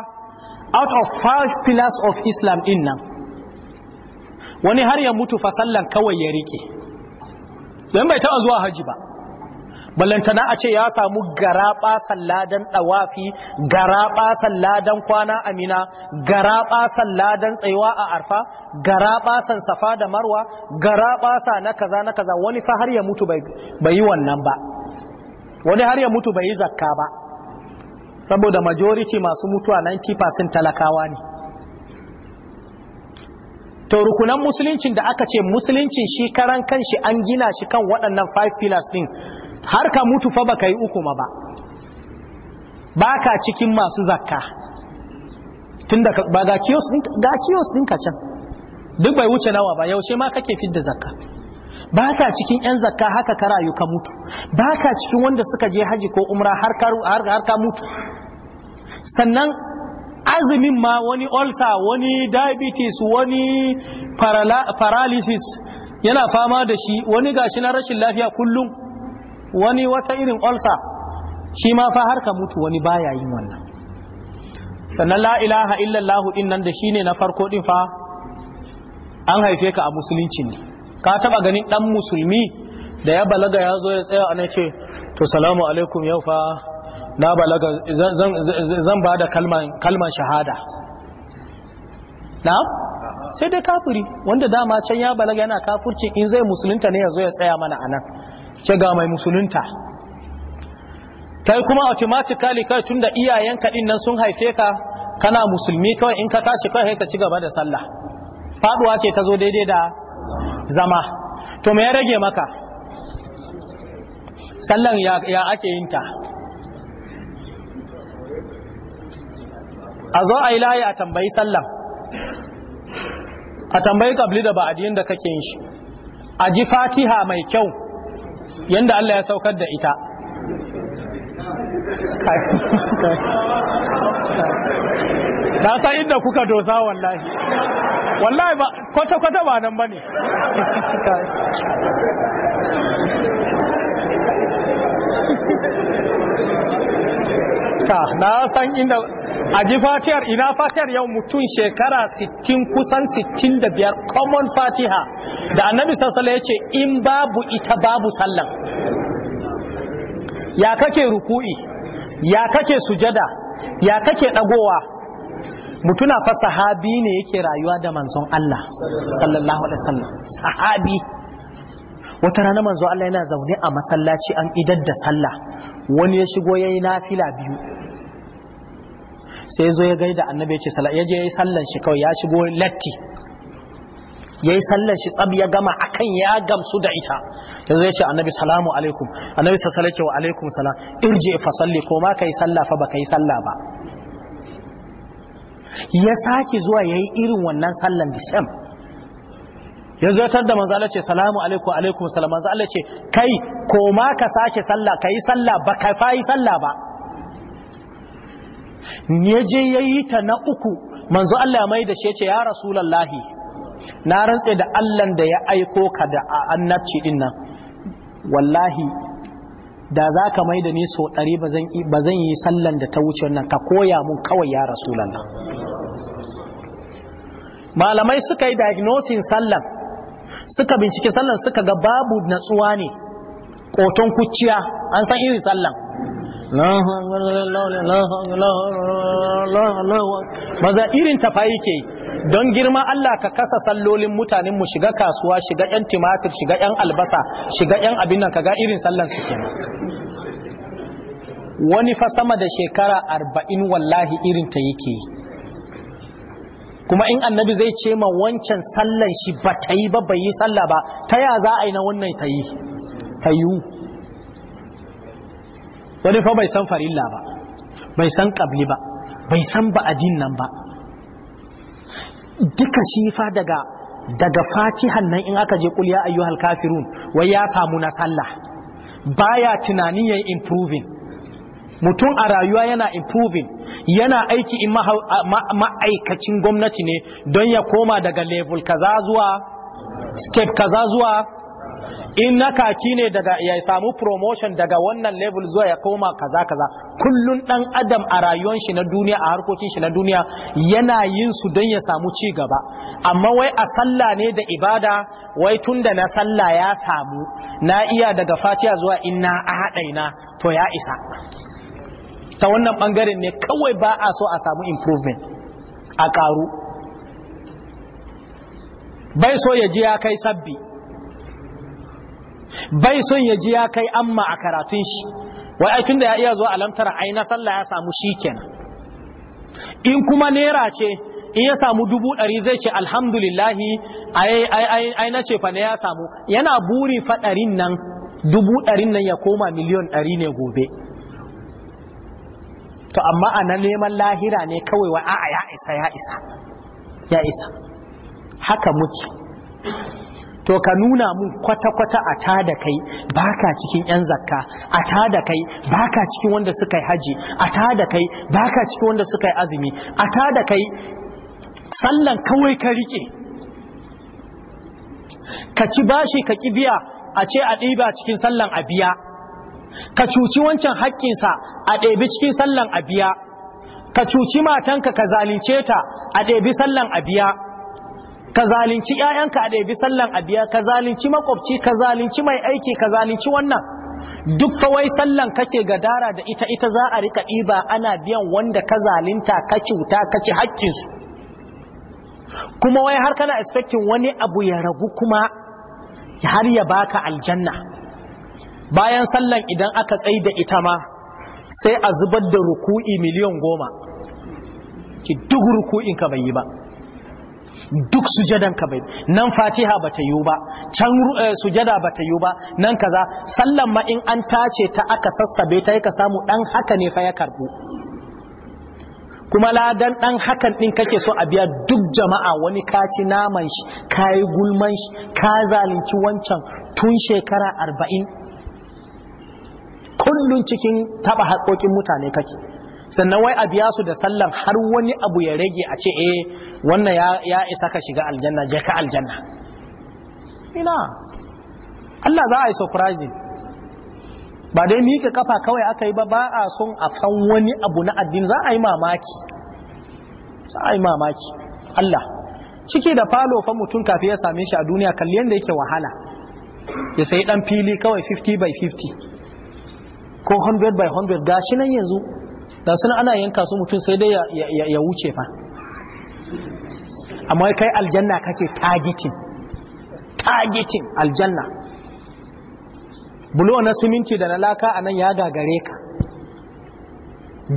out of five pillars of Islam dinnan wani har ya mutu fa sallan kawai ya rike don bai taɓa zuwa haji ba ballantana a ce ya samu garaba salladan dawafi garaba salladan kwana amina garaba salladan tsayuwa a arfa garaba safa da marwa garaba sa na kaza na kaza wani fa har ya mutu bai yi wannan ba wani har ya mutu bai yi zakka ba saboda majority masu mutuwa 90% talakawa ne to rukunan musuluncin da aka ce musuluncin shi karan kanshi an gina shi kan waɗannan five pillars din har ka mutu fa baka yi uku ma ba baka cikin masu zakka tunda ba ga kiyos ga kiyos ɗinka can duk bai wuce nawa ba yaushe ma kake fidda zakka baka cikin yan zakka haka ka rayu ka mutu baka cikin wanda suka je haji ko umra har ka har ka mutu sannan azumin ma wani ulcer wani diabetes wani paralysis yana fama da shi wani gashi na rashin lafiya kullum wani wata irin olsa shi ma fa harka mutu wani baya yin wannan sannan la ilaha illallah din nan da shine na farko din fa an haife ka a musulunci ne ka taba ganin dan musulmi da ya balaga ya zo ya tsaya ana ce to salamu alaikum yau fa na balaga zan ba da kalman shahada na sai dai kafiri wanda dama can ya balaga yana kafurci in zai musulunta ne ya zo ya tsaya mana anan ce ga mai musulunta kai kuma automatically kai tunda iyayen ka nan sun haife ka kana musulmi kawai in ka tashi kawai ka ci gaba da sallah faduwa ce ta zo daidai da zama to mai rage maka sallan ya, ake yin ta a zo a yi layi a tambayi sallan a tambayi kabli da ba'adi da kake yin shi a ji fatiha mai kyau yanda Allah ya saukar da ita na san inda kuka dosa wallahi wallahi ba kwata-kwata ba nan ba ne ta na san inda a ji fatihar ina fatihar yau mutum shekara 60 kusan 65 common fatiha da annabi sassala ya ce in babu ita babu sallan ya kake ruku'i ya kake sujada ya kake dagowa mutuna fa sahabi ne yake rayuwa da manzon Allah sallallahu alaihi wasallam sahabi wata rana manzon Allah yana zaune a masallaci an idar da sallah wani ya shigo yayi nafila biyu sai zo ya gaida annabi ya ce sala ya je yayi sallan shi kawai ya shigo latti yayi sallan shi tsab ya gama akan ya gamsu da ita yazo ya ce annabi salamu alaikum annabi sallallahu wa alaikum salam irji fa salli ko ma kai salla fa ba kai salla ba ya saki zuwa yayi irin wannan sallan da sam ya tar da manzo Allah ce salamu alaikum alaikum salam manzo Allah ce kai ko ma ka sake sallah kai sallah ba ka fayi sallah ba ya je ya yi ta na uku manzo Allah ya mai da shi ce ya rasulallahi na rantse da Allah da ya aiko ka da annabci din nan wallahi da za ka mai da ni so ɗari ba zan yi sallan da ta wuce wannan ka koya mun kawai ya rasulallah malamai suka yi diagnosin sallan suka bincike sallan suka ga babu natsuwa ne ƙoton kuciya an san irin sallan maza irin tafa yake don girma Allah ka kasa sallolin mutanen mu shiga kasuwa shiga yan timatir shiga yan albasa shiga yan abin nan kaga irin sallan su kenan wani fa sama da shekara arba'in wallahi irin ta yake kuma in annabi zai ce ma wancan sallan shi ba ta yi ba bai yi sallah ba ta ya za a yi na wannan ta yi ta yi wani fa bai san farilla ba bai san ƙabli ba bai san ba'adin nan ba duka shi fa daga daga fatihan nan in aka je kul ya ayyuhal kafirun wai ya samu na sallah baya tunanin yayin improving mutum a rayuwa yana improving yana aiki in ma'aikacin gwamnati ne don ya koma daga level kaza zuwa step kaza zuwa in na kaki ne daga ya samu promotion daga wannan level zuwa ya koma kaza kaza kullun dan adam a rayuwar shi na duniya a harkokin shi na duniya yana yin su don ya samu ci gaba amma wai a sallah ne da ibada wai tunda na sallah ya samu na iya daga fatiha zuwa inna ahadaina to ya isa ta wannan bangaren ne kawai ba a so a samu improvement a karu bai so ya ji ya kai sabbi bai son ya ji ya kai amma a karatun shi wai tun da ya iya zuwa a ai na sallah ya samu shi kenan in kuma nera ce in ya samu dubu ɗari zai ce alhamdulillahi ai na ce fa ne ya samu yana buri fa ɗarin nan dubu ɗarin nan ya koma miliyon ɗari ne gobe to amma a na neman lahira ne kawai wa a'a ya isa ya isa ya isa haka muke to ka nuna mun kwata-kwata a ta da kai baka cikin 'yan zakka a ta da kai baka cikin wanda suka yi haji a ta da kai baka cikin wanda suka yi azumi a ta da kai sallan kawai ka rike ka ci bashi ka kibiya a ce a ɗiba cikin sallan a biya ka cuci wancan haƙƙinsa a ɗebi cikin sallan a biya ka cuci matanka ka zalince ta a ɗebi sallan a biya ka zalunci ƴaƴanka a ɗabi sallan a biya ka zalunci makwabci ka zalunci mai aiki ka zalunci wannan duk kawai sallan kake gadara da ita ita za a rika ɗiba ana biyan wanda ka zalunta ka cuta ka ci haƙƙinsu kuma wai har kana expecting wani abu ya ragu kuma har ya baka aljanna bayan sallan idan aka tsaye da ita ma sai a zubar da ruku'i miliyan goma ki duk ruku'in ka bai yi ba duk sujadan ka bai nan fatiha bata yiwu ba can eh, sujada bata yiwu ba nan kaza sallan ma in an tace ta aka sassabe ta ka samu dan haka ne fa ya karbu kuma ladan dan hakan din kake so a biya duk jama'a wani kaci naman shi kayi gulman shi ka zalunci wancan tun shekara arba'in kullun cikin taba haƙoƙin mutane kake sannan wai a biya su da sallar har wani abu ya rage a ce eh wannan ya isa ka shiga aljanna je ka aljanna ina Allah za a yi surprising ba dai mika kafa kawai aka yi ba ba a son a san wani abu na addini za a yi mamaki za a yi mamaki Allah ciki da falo fa mutum kafin ya same shi a duniya kalli yadda yake wahala ya sayi dan fili kawai 50 by 50 ko 100 by 100 gashi nan yanzu da suna ana yanka su mutum sai dai ya wuce fa amma kai aljanna kake tagitin, tagitin aljanna bulo na siminti da na laka a nan ya gagare ka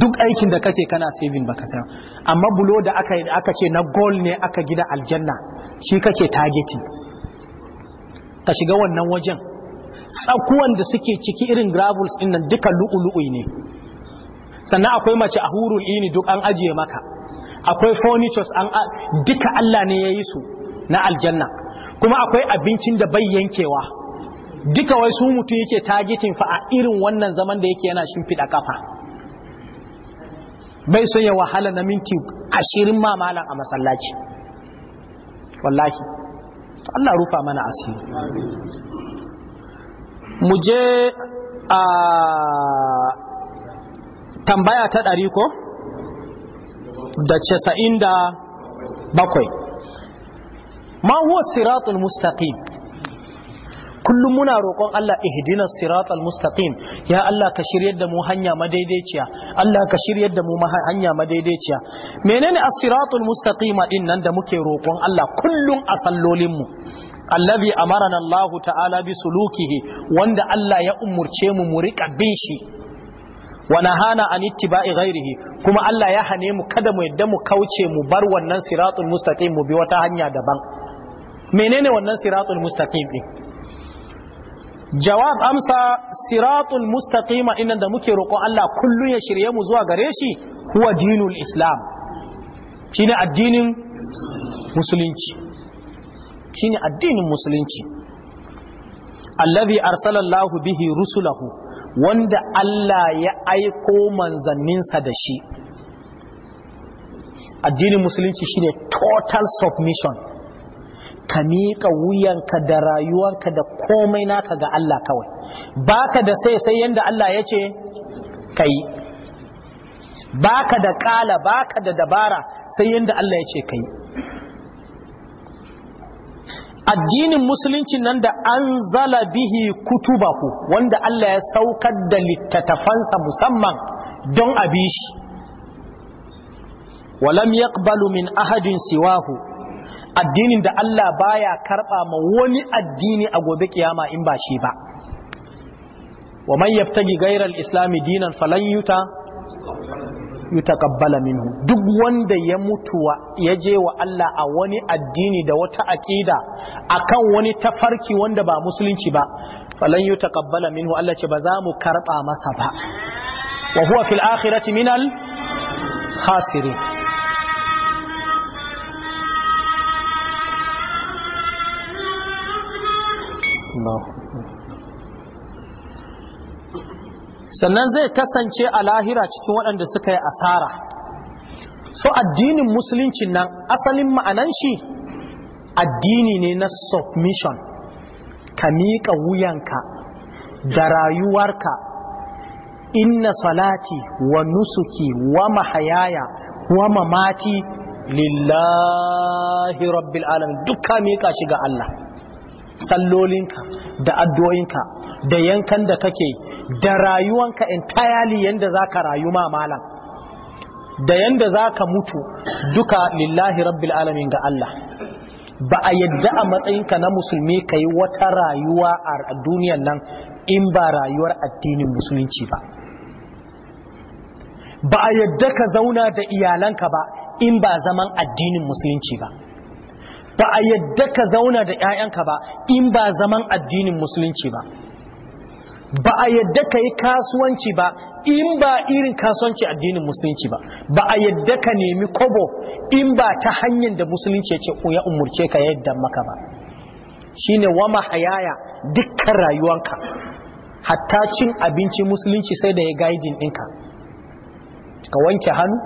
duk aikin da kake kana saving baka san amma bulo da aka ce na goal ne aka gida aljanna shi kake tagitin? ka shiga wannan wajen tsakuwan da suke ciki irin gravels din nan duka lu'ulu'u ne sannan akwai mace a hurul ini duk an ajiye maka akwai furnitures an duka Allah ne ya yi su na aljanna kuma akwai abincin da bai yankewa duka wai su mutum yake targeting fa a irin wannan zaman da yake yana shimfiɗa kafa bai son ya wahala na minti ashirin ma malam a masallaci wallahi Allah rufa mana asiri mu je a ah, tambaya ta ɗari ko da casa'in da bakwai ma huwa siratul mustaqim kullum muna roƙon Allah ihdina siratal mustaqim ya Allah ka shiryar da mu hanya madaidaiciya Allah ka shiryar da mu hanya madaidaiciya menene as-siratul mustaqima din nan da muke roƙon Allah kullum a sallolin mu allazi amarana Allahu ta'ala bi sulukihi wanda Allah ya umurce mu mu riƙa bin shi wa hana an ittiba'i ghairihi kuma Allah ya hane mu kada mu yadda mu kauce mu bar wannan siratul mustaqim mu bi wata hanya daban menene wannan siratul mustaqim din jawab amsa siratul mustaqima inda da muke roƙo Allah kullun ya shirye mu zuwa gare shi huwa dinul islam shine addinin musulunci shine addinin musulunci allazi arsalallahu bihi rusulahu wanda Allah ya aiko manzanninsa da shi addinin musulunci shine total submission ka miƙa wuyanka da rayuwanka da komai naka ga Allah kawai baka da sai sai yanda Allah ya ce kai baka da kala baka da dabara sai yanda Allah ya ce kai addinin musulunci nan da an zala bihi ku wanda Allah ya saukar da littattafansa musamman don abi shi walam yaqbalu min ahadin siwahu addinin da Allah baya karba ma wani addini a gobe kiyama in ba shi ba wa man yabtaji ghayra al-islam dinan falan yuta yutaqabbala minhu duk wanda ya mutuwa ya je wa Allah a wani addini da wata akida akan wani tafarki wanda ba musulunci ba falan yutaqabbala minhu Allah ce ba za mu karba masa ba wa huwa fil akhirati minal khasirin Allah sannan zai kasance a lahira cikin waɗanda suka yi asara so addinin musulunci nan asalin ma'anan shi addini ne na submission ka miƙa wuyanka da rayuwarka inna salati wa nusuki wa mahayaya wa mamati lillahi rabbil alamin dukka miƙa shi ga Allah sallolinka da addu'o'inka da yankan da kake da rayuwanka entirely yanda za ka rayu ma malam da yanda za ka mutu duka lillahi rabbil alamin ga Allah ba a yadda a matsayinka na musulmi ka yi wata rayuwa a duniyan nan in ba rayuwar addinin musulunci ba ba a yadda ka zauna da iyalanka ba in ba zaman addinin musulunci ba ba a yadda ka zauna da 'ya'yanka ba in ba zaman addinin musulunci ba ba a yadda ka yi kasuwanci ba in ba irin kasuwanci addinin musulunci ba ba a yadda ka nemi kobo in ba ta hanyar da musulunci ya ce ya umurce ka yadda maka ba shine wama hayaya dukkan rayuwanka hatta cin abinci musulunci sai da ya gaidin ɗinka ka wanke hannu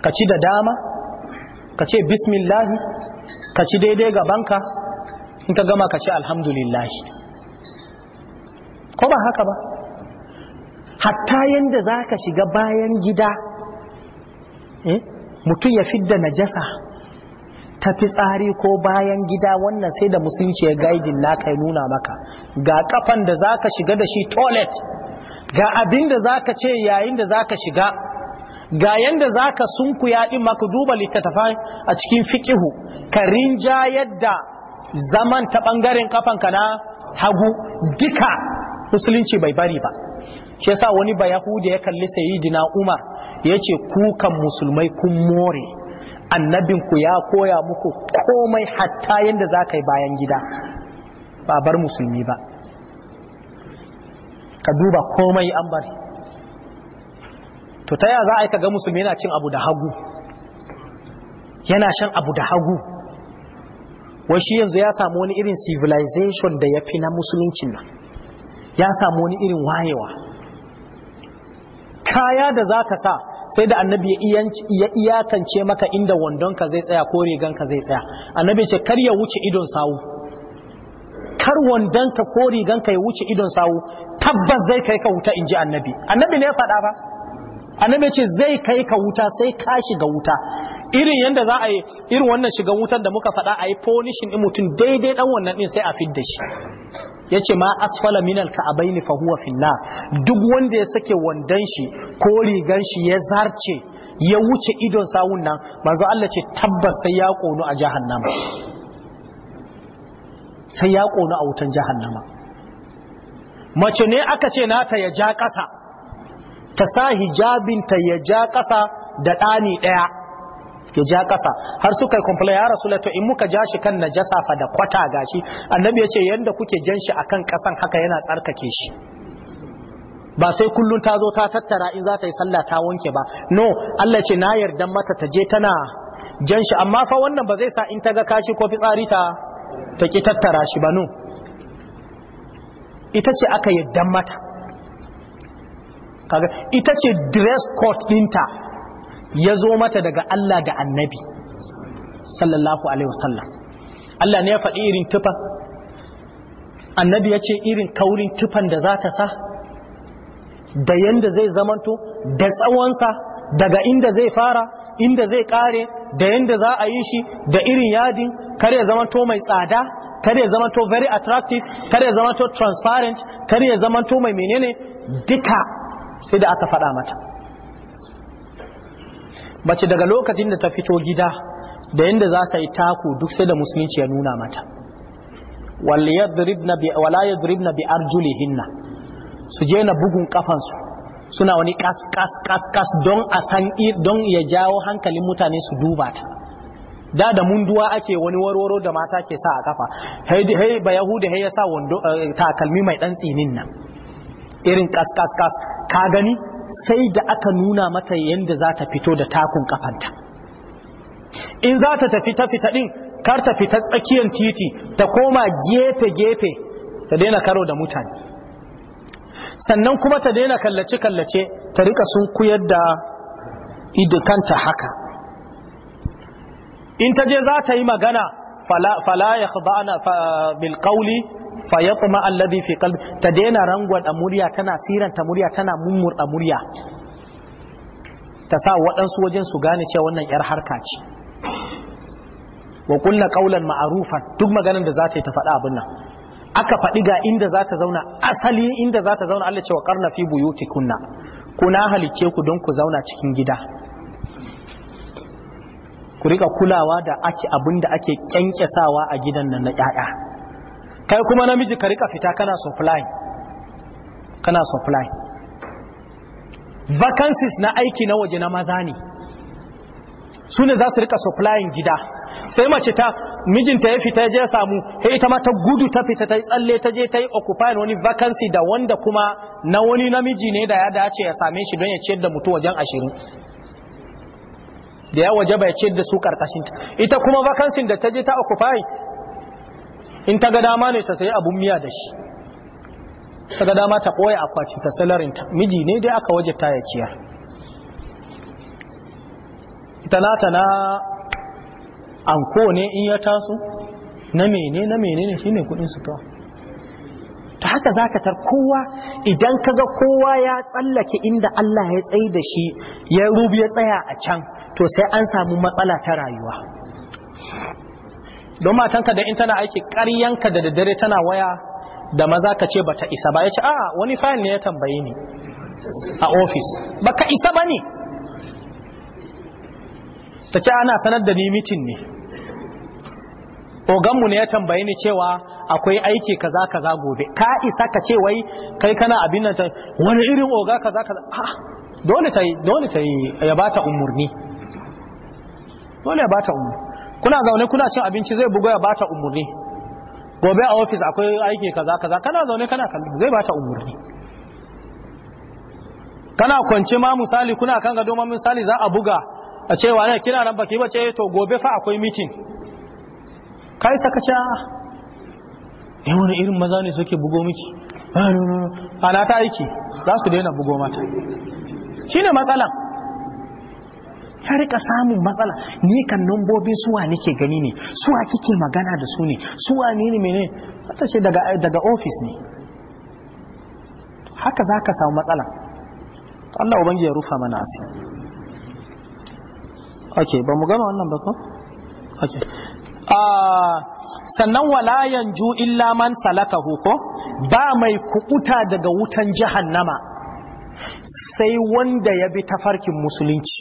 ka ci da dama ka ce bismillahi ka ci daidai gabanka in ka gama ka ce alhamdulillahi ko ba haka ba hatta yanda za ka shiga bayan gida eh, mutum ya fidda najasa ta fitsari ko bayan gida wannan sai da musulunci ya gaidin naka ya nuna maka ga kafan da za ka shiga da shi toilet ga abin da za ka ce yayin da za ka shiga ga yanda za ka sunkuya ɗin maka duba littattafa a cikin fikihu ka rinja yadda zaman ta ɓangaren ka na hagu duka musulunci bai bari ba shi yasa wani ba yahudi ya kalli sayyidina umar ya ce kukan musulmai kun more annabin ku ya koya muku komai hatta yadda za ka yi bayan gida ba bar musulmi ba ka duba komai an bari to ta yaya za a yi ga musulmi yana cin abu da hagu yana shan abu da hagu wa shi yanzu ya samu wani irin civilization da ya fi na musuluncin nan ya samu wani irin wayewa kaya da za ka sa sai da annabi ya iyakance maka inda wandonka zai tsaya ko riganka zai tsaya annabi ce kar ya wuce idon sawu kar wandonka ko riganka ya wuce idon sawu tabbas zai kai ka wuta inji annabi annabi ne ya faɗa ba annabi ce zai kai ka wuta sai ka shiga wuta irin yadda za a yi irin wannan shiga wutar da muka faɗa a yi ponishin in mutum daidai ɗan wannan ɗin sai a da shi ya ce ma asfala minal ka'abai ni fahuwa finna duk wanda ya sake wandon shi ko rigan shi ya zarce ya wuce idon sawun nan manzo Allah ce tabbas sai ya kono a jahannama sai ya kono a wutan jahannama mace ne aka ce nata ya ja ƙasa ta sa hijabinta ya ja ƙasa da ɗani ɗaya ya ja kasa har suka yi kumfula ya rasu to in muka ja shi kan najasa fa da kwata shi. annabi ya ce yadda kuke jan shi akan ƙasan haka yana tsarkake shi ba sai kullum ta zo ta tattara in za ta yi sallah ta wanke ba no Allah ce na yarda mata ta je tana jan shi amma fa wannan ba zai sa in ta ga kashi ko fitsari ta ta ki tattara shi ba no ita ce aka yarda mata ita ce dress code ɗinta ya zo mata daga Allah da annabi sallallahu alaihi wasallam Allah ne ya faɗi irin tufa annabi ya ce irin kaurin tufan da za ta sa da yanda zai zamanto da tsawonsa daga inda zai fara inda zai kare da yanda za a yi shi da irin yadin kar ya zamanto mai tsada kar ya zamanto very attractive kar ya zamanto transparent kar ya zamanto mai menene duka sai da aka faɗa mata mace daga lokacin da ta fito gida da yadda za ta yi taku duk sai da musulunci ya nuna mata wala yadribna bi hinna su je na bugun kafansu suna wani kas kas don a san don ya jawo hankalin mutane su duba ta da da munduwa ake wani warwaro da mata ke sa a kafa hai ba yahuda hai ya sa eh, takalmi mai dan tsinin nan irin kas kas ka gani sai da aka nuna mata yadda za ta fito da takun kafanta in za ta tafi ta fita din kar ta fita tsakiyar titi ta koma gefe-gefe ta daina karo da mutane sannan kuma ta daina kallace-kallace ta rika sun kuyar da idukanta haka in ta je za ta yi magana fala ya bil qawli fa yatma alladhi fi qalbi ta daina a murya tana siranta murya tana a murya ta sa waɗansu wajen su gane cewa wannan yar harka ce wa kulla qawlan duk maganar da za ta yi ta faɗa abin nan aka faɗi ga inda za ta zauna asali inda za ta zauna Allah ce wa karna fi buyutikunna na halicce ku don ku zauna cikin gida ku rika kulawa da ake abin da ake kyankyasawa a gidan nan na ƴaƴa kai kuma namiji ka rika fita kana supply kana supply vacancies na aiki na waje na maza ne su ne za su rika supplying gida sai mace ta mijinta ya fita ya samu sai ita ma ta gudu ta fita ta tsalle ta je ta yi occupy wani vacancy da wanda kuma na wani namiji ne da ya dace ya same shi don ya ciyar da mutu wajen ashirin da ya waje bai ciyar da su karkashin ita kuma vacancy da ta je ta occupy in ta ga dama ne ta sayi abun miya da shi ta ga dama ta ɓoye akwatin ta salarin ta miji ne dai aka waje ta ya ciyar ita nata na anko ne in ya taso na mene na mene ne shine kudin su to ta haka ka tar kowa idan ka ga kowa ya tsallake inda Allah ya tsaye da shi ya rubi ya tsaya a can to sai an samu matsala ta rayuwa don matanka da in tana aiki ƙaryanka da daddare tana waya da maza ka ce bata isa ba ya ce a'a wani fayil ne ya tambaye ni a ofis baka isa ba ne ta ce ana sanar da ni mitin ne oganmu ne ya tambaye ni cewa akwai aiki kaza kaza gobe ka isa ka ce wai kai kana abin nan wani irin oga kaza kaza ah dole ta yi dole ta yi ya bata umurni dole ya bata umurni kuna zaune kuna cin abinci zai bugo ya bata umurni gobe a ofis akwai aiki kaza kaza kana zaune kana kallo zai bata umurni kana kwance ma misali kuna kan gado ma misali za a buga a ce wane kina nan baki bace to gobe fa akwai meeting kai saka ce ah, eh wani irin maza ne suke bugo miki ana ah, ah, ta aiki za su daina bugo mata shine matsalan ya rika samun matsala ni kan nombobin suwa nake gani ne suwa kike magana da su ne suwa ne ne mene ta ce daga daga ofis ne haka za ka samu matsala Allah ubangi ya rufa mana asiri okay ba mu gama wannan ba ko okay ah, sannan walayan ju illa man salaka ko ba mai kukuta daga wutan jahannama sai wanda ya bi tafarkin musulunci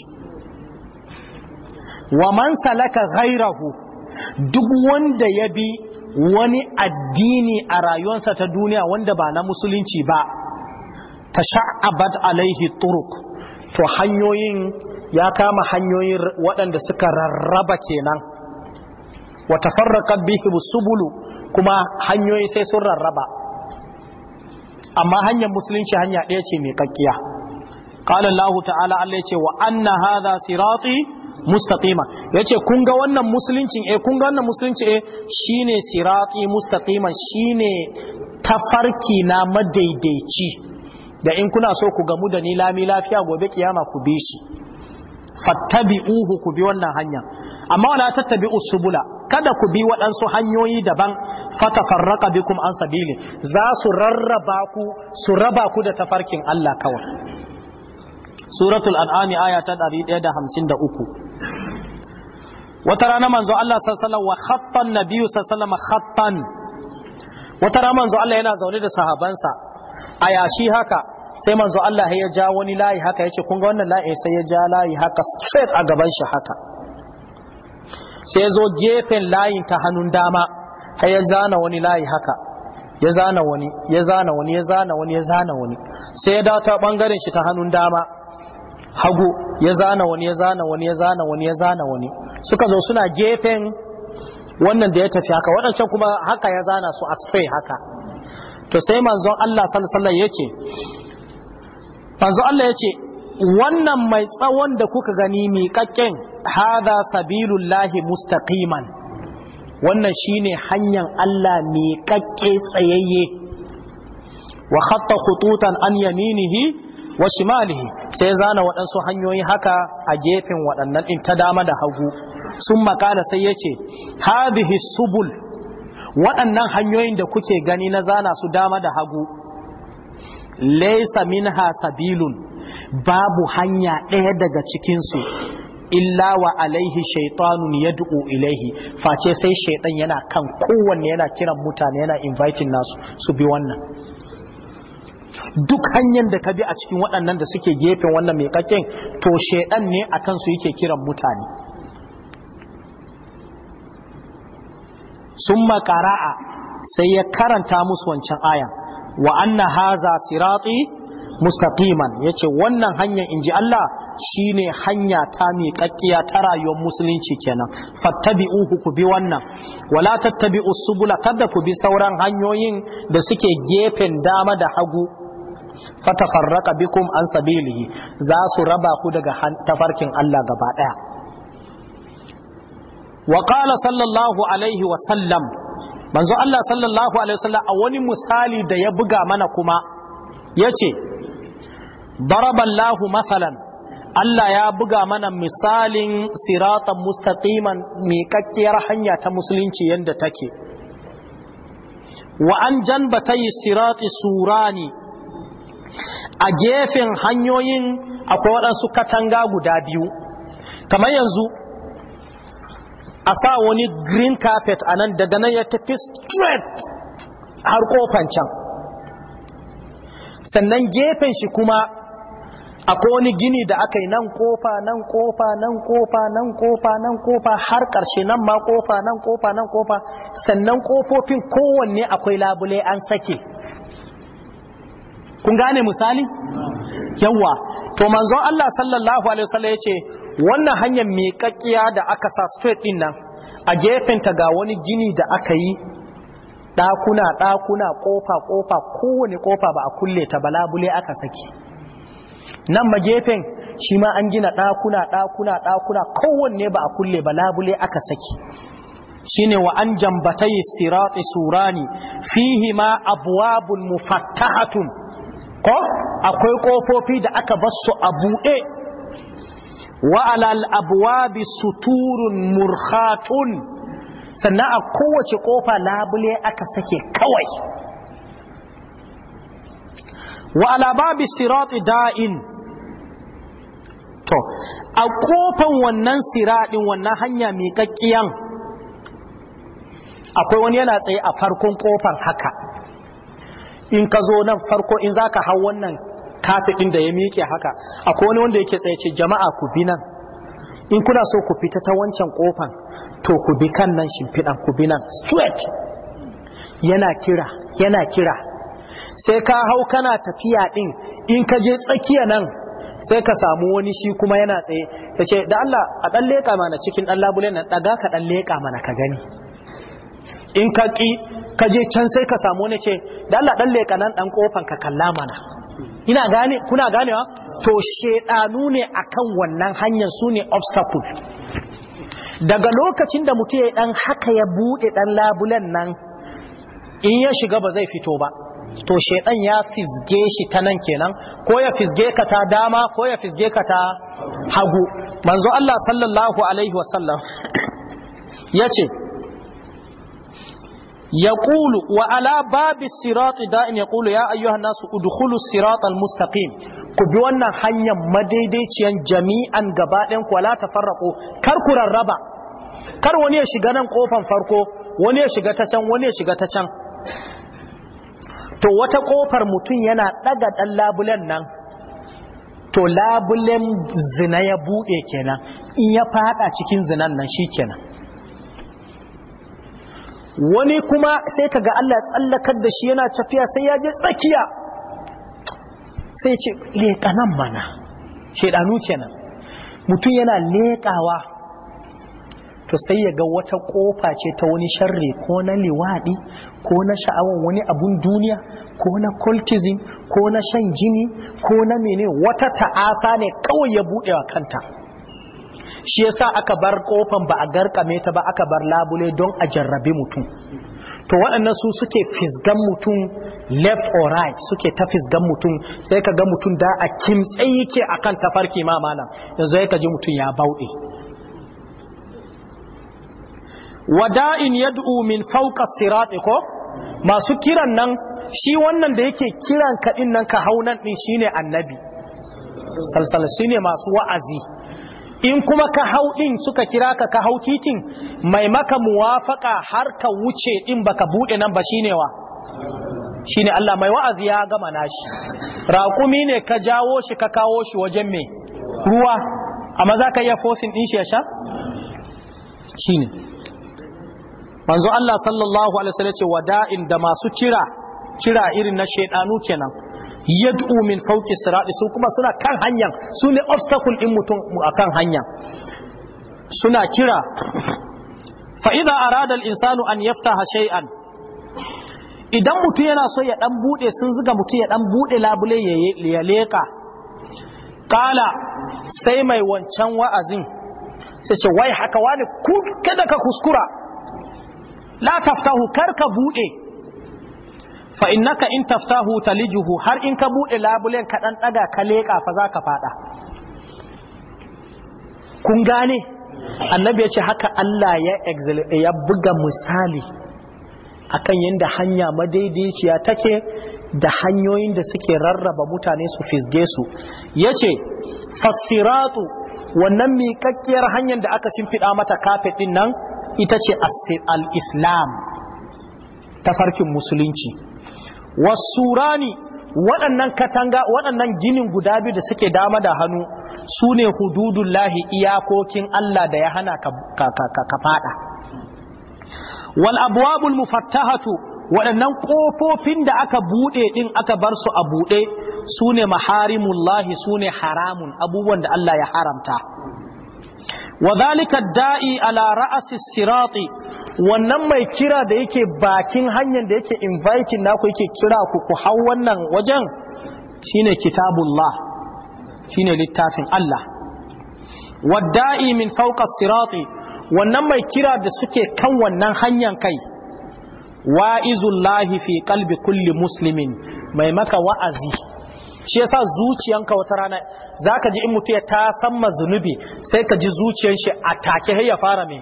wa man salaka ghairahu duk wanda ya bi wani addini a rayuwarsa ta duniya wanda ba na musulunci ba ta sha'abat alaihi turuk to hanyoyin ya kama hanyoyin waɗanda suka rarraba kenan wata farraƙar bihi subulu kuma hanyoyi sai sun rarraba amma hanyar musulunci hanya ɗaya ce mai kakkiya ƙalallahu ta'ala Allah ya ce wa anna hadha sirati mustaqima yace kun ga wannan musuluncin eh kun ga wannan musulunci eh shine sirati mustaqima shine tafarki na madaidaici da in kuna so ku gamu da ni lami lafiya gobe kiyama ku bi shi fattabi'uhu ku bi wannan hanya amma wala tattabi'u subula kada ku bi waɗansu hanyoyi daban fatafarraqa bikum an sabili za su rarraba ku su raba ku da tafarkin Allah kawai suratul an'ami aya ta 153 wata rana manzo Allah sallallahu wa khattan nabiyyu sallallahu khattan wata rana manzo Allah yana zaune da sahabansa a yashi haka sai manzo Allah ya ja wani layi haka yace kun ga wannan layi sai ya ja layi haka straight a gaban shi haka sai ya zo gefen layin ta hannun dama sai ya zana wani layi haka ya zana wani ya zana wani ya zana wani ya zana wani sai ya dawo ta bangaren shi ta hannun dama hagu ya zana wani ya zana wani ya zana wani ya zana wani suka zo suna gefen wannan da ya tafi haka waɗancan kuma haka ya zana su a haka to sai manzon Allah sallallahu alaihi yace manzon Allah yace wannan mai tsawon da kuka gani miƙaƙƙen hadha sabilullahi mustaqiman wannan shine hanyar Allah miƙaƙƙe tsayayye wa khatta khututan an yaminihi wa shimalihi sai zana waɗansu hanyoyi haka a gefen waɗannan in ta dama da hagu sun makala sai ya ce hadhihi subul waɗannan hanyoyin da kuke gani na zana su dama da hagu laisa minha sabilun babu hanya ɗaya daga cikinsu illa wa alaihi shaitanun ya ilaihi face sai shaitan yana kan kowanne yana kiran mutane yana inviting nasu su bi wannan duk hanyar da ka bi a cikin waɗannan da suke gefen wannan mai kakken to shaidan ne a kansu yake kiran mutane sun makara'a sai ya karanta musu wancan ayan wa anna haza sirati mustaqiman ce wannan hanya inji Allah shine hanya ta mai miƙaƙƙiya ta rayuwar musulunci kenan fattabi'uhu ku bi wannan wala tattabi'us subula kada ku bi sauran hanyoyin da suke gefen dama da hagu fatafarraqa bikum an sabilihi za su raba ku daga tafarkin Allah gaba daya wa sallallahu alaihi wa sallam Allah sallallahu alaihi wa sallam a wani misali da ya buga mana kuma Ya ce baraballahu masalan Allah ya buga mana misalin siratan mustaqiman miƙaƙƙiyar hanya ta musulunci yadda take wa an janbatai sirati surani a gefen hanyoyin akwai waɗansu katanga guda biyu kamar yanzu a sa wani green carpet a nan daga nan ya tafi straight har kofan can sannan gefen shi kuma akwai wani gini da aka yi nan kofa nan kofa nan kofa nan kofa nan kofa har ƙarshe nan ma kofa nan kofa nan kofa sannan kofofin kowanne akwai labule an sake kun gane misali yawa to manzon Allah sallallahu alaihi wasallam yace wannan hanyar miƙaƙiya da aka sa straight din nan a gefen ta ga wani gini da aka yi ɗakuna ɗakuna kofa ƙofa kowane kofa ba a kulle ta ba aka saki nan ma gefen shi ma an gina ɗakuna ɗakuna ɗakuna kowanne ba a kulle ba labule aka saki shine wa an jambatai sirati surani fihi ma abwabun mufattahatun ko akwai kofofi da aka basu a buɗe wa'ala abwabi suturun murhatun sannan a kowace kofa labule aka sake kawai wa'ala babi sirati da'in to a kofan wannan siradin wannan hanya mai kakkiyan akwai wani yana tsaye a farkon kofar haka in ka zo nan farko in za ka hau wannan ɗin da ya miƙe haka akwai wani wanda yake tsaye jama'a ku bi nan in kuna so ku fita ta wancan kofan to ku bi kan nan shimfiɗan ku bi nan straight yana kira yana kira sai ka hau kana tafiya ɗin in ka je tsakiya nan sai ka samu wani shi kuma yana tsaye ta ce da Allah a ɗan leƙa mana cikin ɗan labule nan ɗaga ka ɗan leƙa mana ka gani in ka ƙi ka je can sai ka samu wani ce da Allah dan leka nan dan kofan ka kalla mana ina gane kuna ganewa to shedanu ne akan wannan hanyar su ne obstacle daga lokacin da mutum ya dan haka ya bude dan labulen nan in ya shiga ba zai fito ba to shedan ya fisge shi ta nan kenan ko ya fizge ka ta dama ko ya fizge ka ta hagu manzo Allah sallallahu alaihi wasallam yace يقول وعلى باب الصراط دائم يقول يا أيها الناس ادخلوا الصراط المستقيم كبيوانا حنيا مديديتيا جميعا قبائن ولا تفرقوا كركر الربع kar wani ya shiga nan kofan farko wani ya shiga ta can wani ya shiga ta can to wata kofar mutum yana daga dan labulen nan to labulen zina ya bude kenan in ya fada cikin zinan nan shikenan wani kuma sai ka ga Allah tsallakar da shi yana tafiya sai ya je tsakiya sai ce leƙanan mana shaidanu kenan mutum yana leƙawa to sai ya ga wata ƙofa ce ta wani sharri ko na liwaɗi ko na sha'awan wani abun duniya ko na cultism ko na shan jini ko na mene wata ta'asa ne kawai ya buɗe wa kanta shi yasa aka bar kofan ba a garkame ta ba aka bar labule don a jarrabi mutum to waɗannan su suke fisgan mutum left or right suke ta fisgan mutum sai ka ga mutum da a kimtse yake akan tafarki ma malam yanzu ya kaji ji mutum ya bauɗe in yad'u min fawqa sirati ko masu kiran nan shi wannan da yake kiran ka din nan ka haunan din shine annabi salsal shine masu wa'azi in kuma ka hau ɗin suka kira ka ka hau titin mai maka muwafaka har ka wuce ɗin baka bude nan ba shine wa shine Allah mai wa'azi ya gama nashi raƙumi ne ka jawo shi ka kawo shi wajen me ruwa amma za ka iya fosin din shi ya sha shine manzo Allah sallallahu alaihi wasallam ce wada'in da masu kira kira irin na shedanu kenan yad'u min fawqi sirati su kuma suna kan hanyar su ne obstacle din mutum akan hanya suna kira fa idza arada al insanu an yaftaha shay'an idan mutum yana so ya dan bude sun zuga mutum ya dan bude labule ya leka kala sai mai wancan wa'azin sai ce wai haka wani kada ka kuskura la taftahu kar ka bude fa innaka in taftahu talijuhu har in ka bude labulen ka dan daga ka leka fa zaka fada kun gane annabi ya ce haka Allah ya ya buga misali akan yanda hanya madaidaiciya take da hanyoyin da suke rarraba mutane su fisge su yace fassiratu wannan miƙaƙƙiyar hanyar da aka shimfiɗa mata kafet din nan ita ce al-islam ta farkin musulunci wasurani waɗannan katanga waɗannan ginin guda biyu da suke dama da hannu su ne hududullahi iyakokin Allah da ya hana ka fada wal abwabul mufattahatu waɗannan ƙofofin da aka buɗe ɗin aka bar su a buɗe su ne maharimullahi su ne haramun abubuwan da Allah ya haramta wa zalika da'i ala ra'asi sirati wannan mai kira da yake bakin hanyar da yake inviting naku yake kira ku ku hau wannan wajen shine kitabullah shine littafin Allah wa da'i min fawqa sirati wannan mai kira da suke kan wannan hanyar kai wa'izullahi fi qalbi kulli muslimin mai maka wa'azi shi yasa zuciyanka wata rana zaka ji in mutu ya ta samma zunubi sai ka ji zuciyan shi a take ya fara me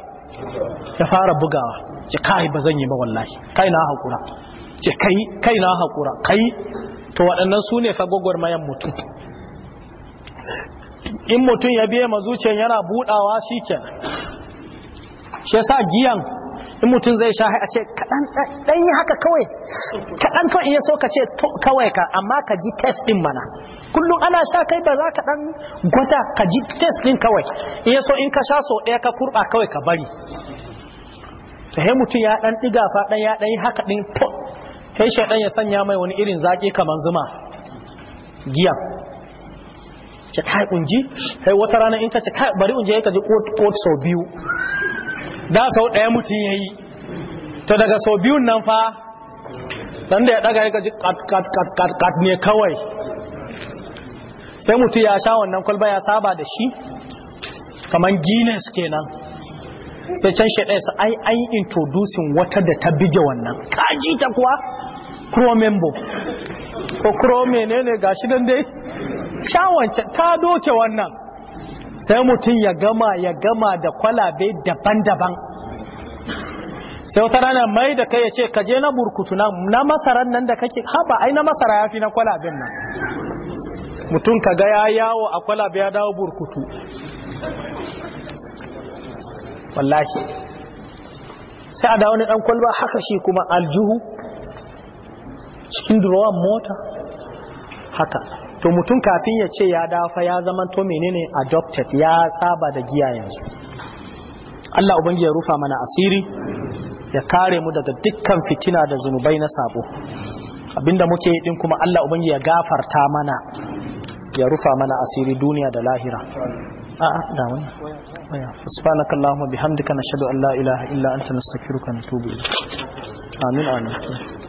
ya fara bugawa ce kai ba zan yi ba wallahi kai na hakura ce kai kai na hakura kai to waɗannan su ne fagogwar mayan mutum in mutum ya biye ma zuciyan yana budawa shikenan shi yasa giyan in mutum zai sha a ce kaɗan yi haka kawai kaɗan kawai iya so ka ce kawai ka amma ka ji test ɗin mana kullum ana sha kai ba za ka ɗan gwata ka ji test ɗin kawai iya so in ka sha so ɗaya ka kurɓa kawai ka bari sai mutum ya ɗan ɗiga fa ya ɗan yi haka ɗin to sai shaɗan ya sanya mai wani irin zaƙi kamar zuma giya ce kai unji sai wata rana in ta ce kai bari unji ya ji kot sau biyu da sau ɗaya mutum ya yi to daga sau biyun nan fa ɗan da ya ɗaga ya gaji kat ne kawai sai mutum ya sha wannan kwalba ya saba da shi kamar guinness kenan sai can ɗaya su ai ai introducing wata da ta bige wannan kaji ta kuwa kromembo ko kromene ne ga shi don dai sha wancan ta doke wannan sai mutum ya gama ya gama da kwalabe daban-daban sai wata rana mai da kai ya ce kaje na burkutu na masarar nan da kake haba ai na masara ya fi na kwalaben nan mutum ka ga ya yawo a kwalabe ya dawo burkutu wallahi sai a dawo ni dan kwalba haka shi kuma aljihu cikin durowan mota haka to mutum kafin ya ce ya dafa ya zama to menene adopted ya saba da giya yanzu Allah ubangi ya rufa mana asiri ya kare mu daga dukkan fitina da zunubai na sabo abinda muke yi din kuma Allah ubangi ya gafarta mana ya rufa mana asiri duniya da lahira a'a da wani waya subhanakallahumma bihamdika nashhadu an la ilaha illa anta nastaghfiruka wa natubu ilayk amin amin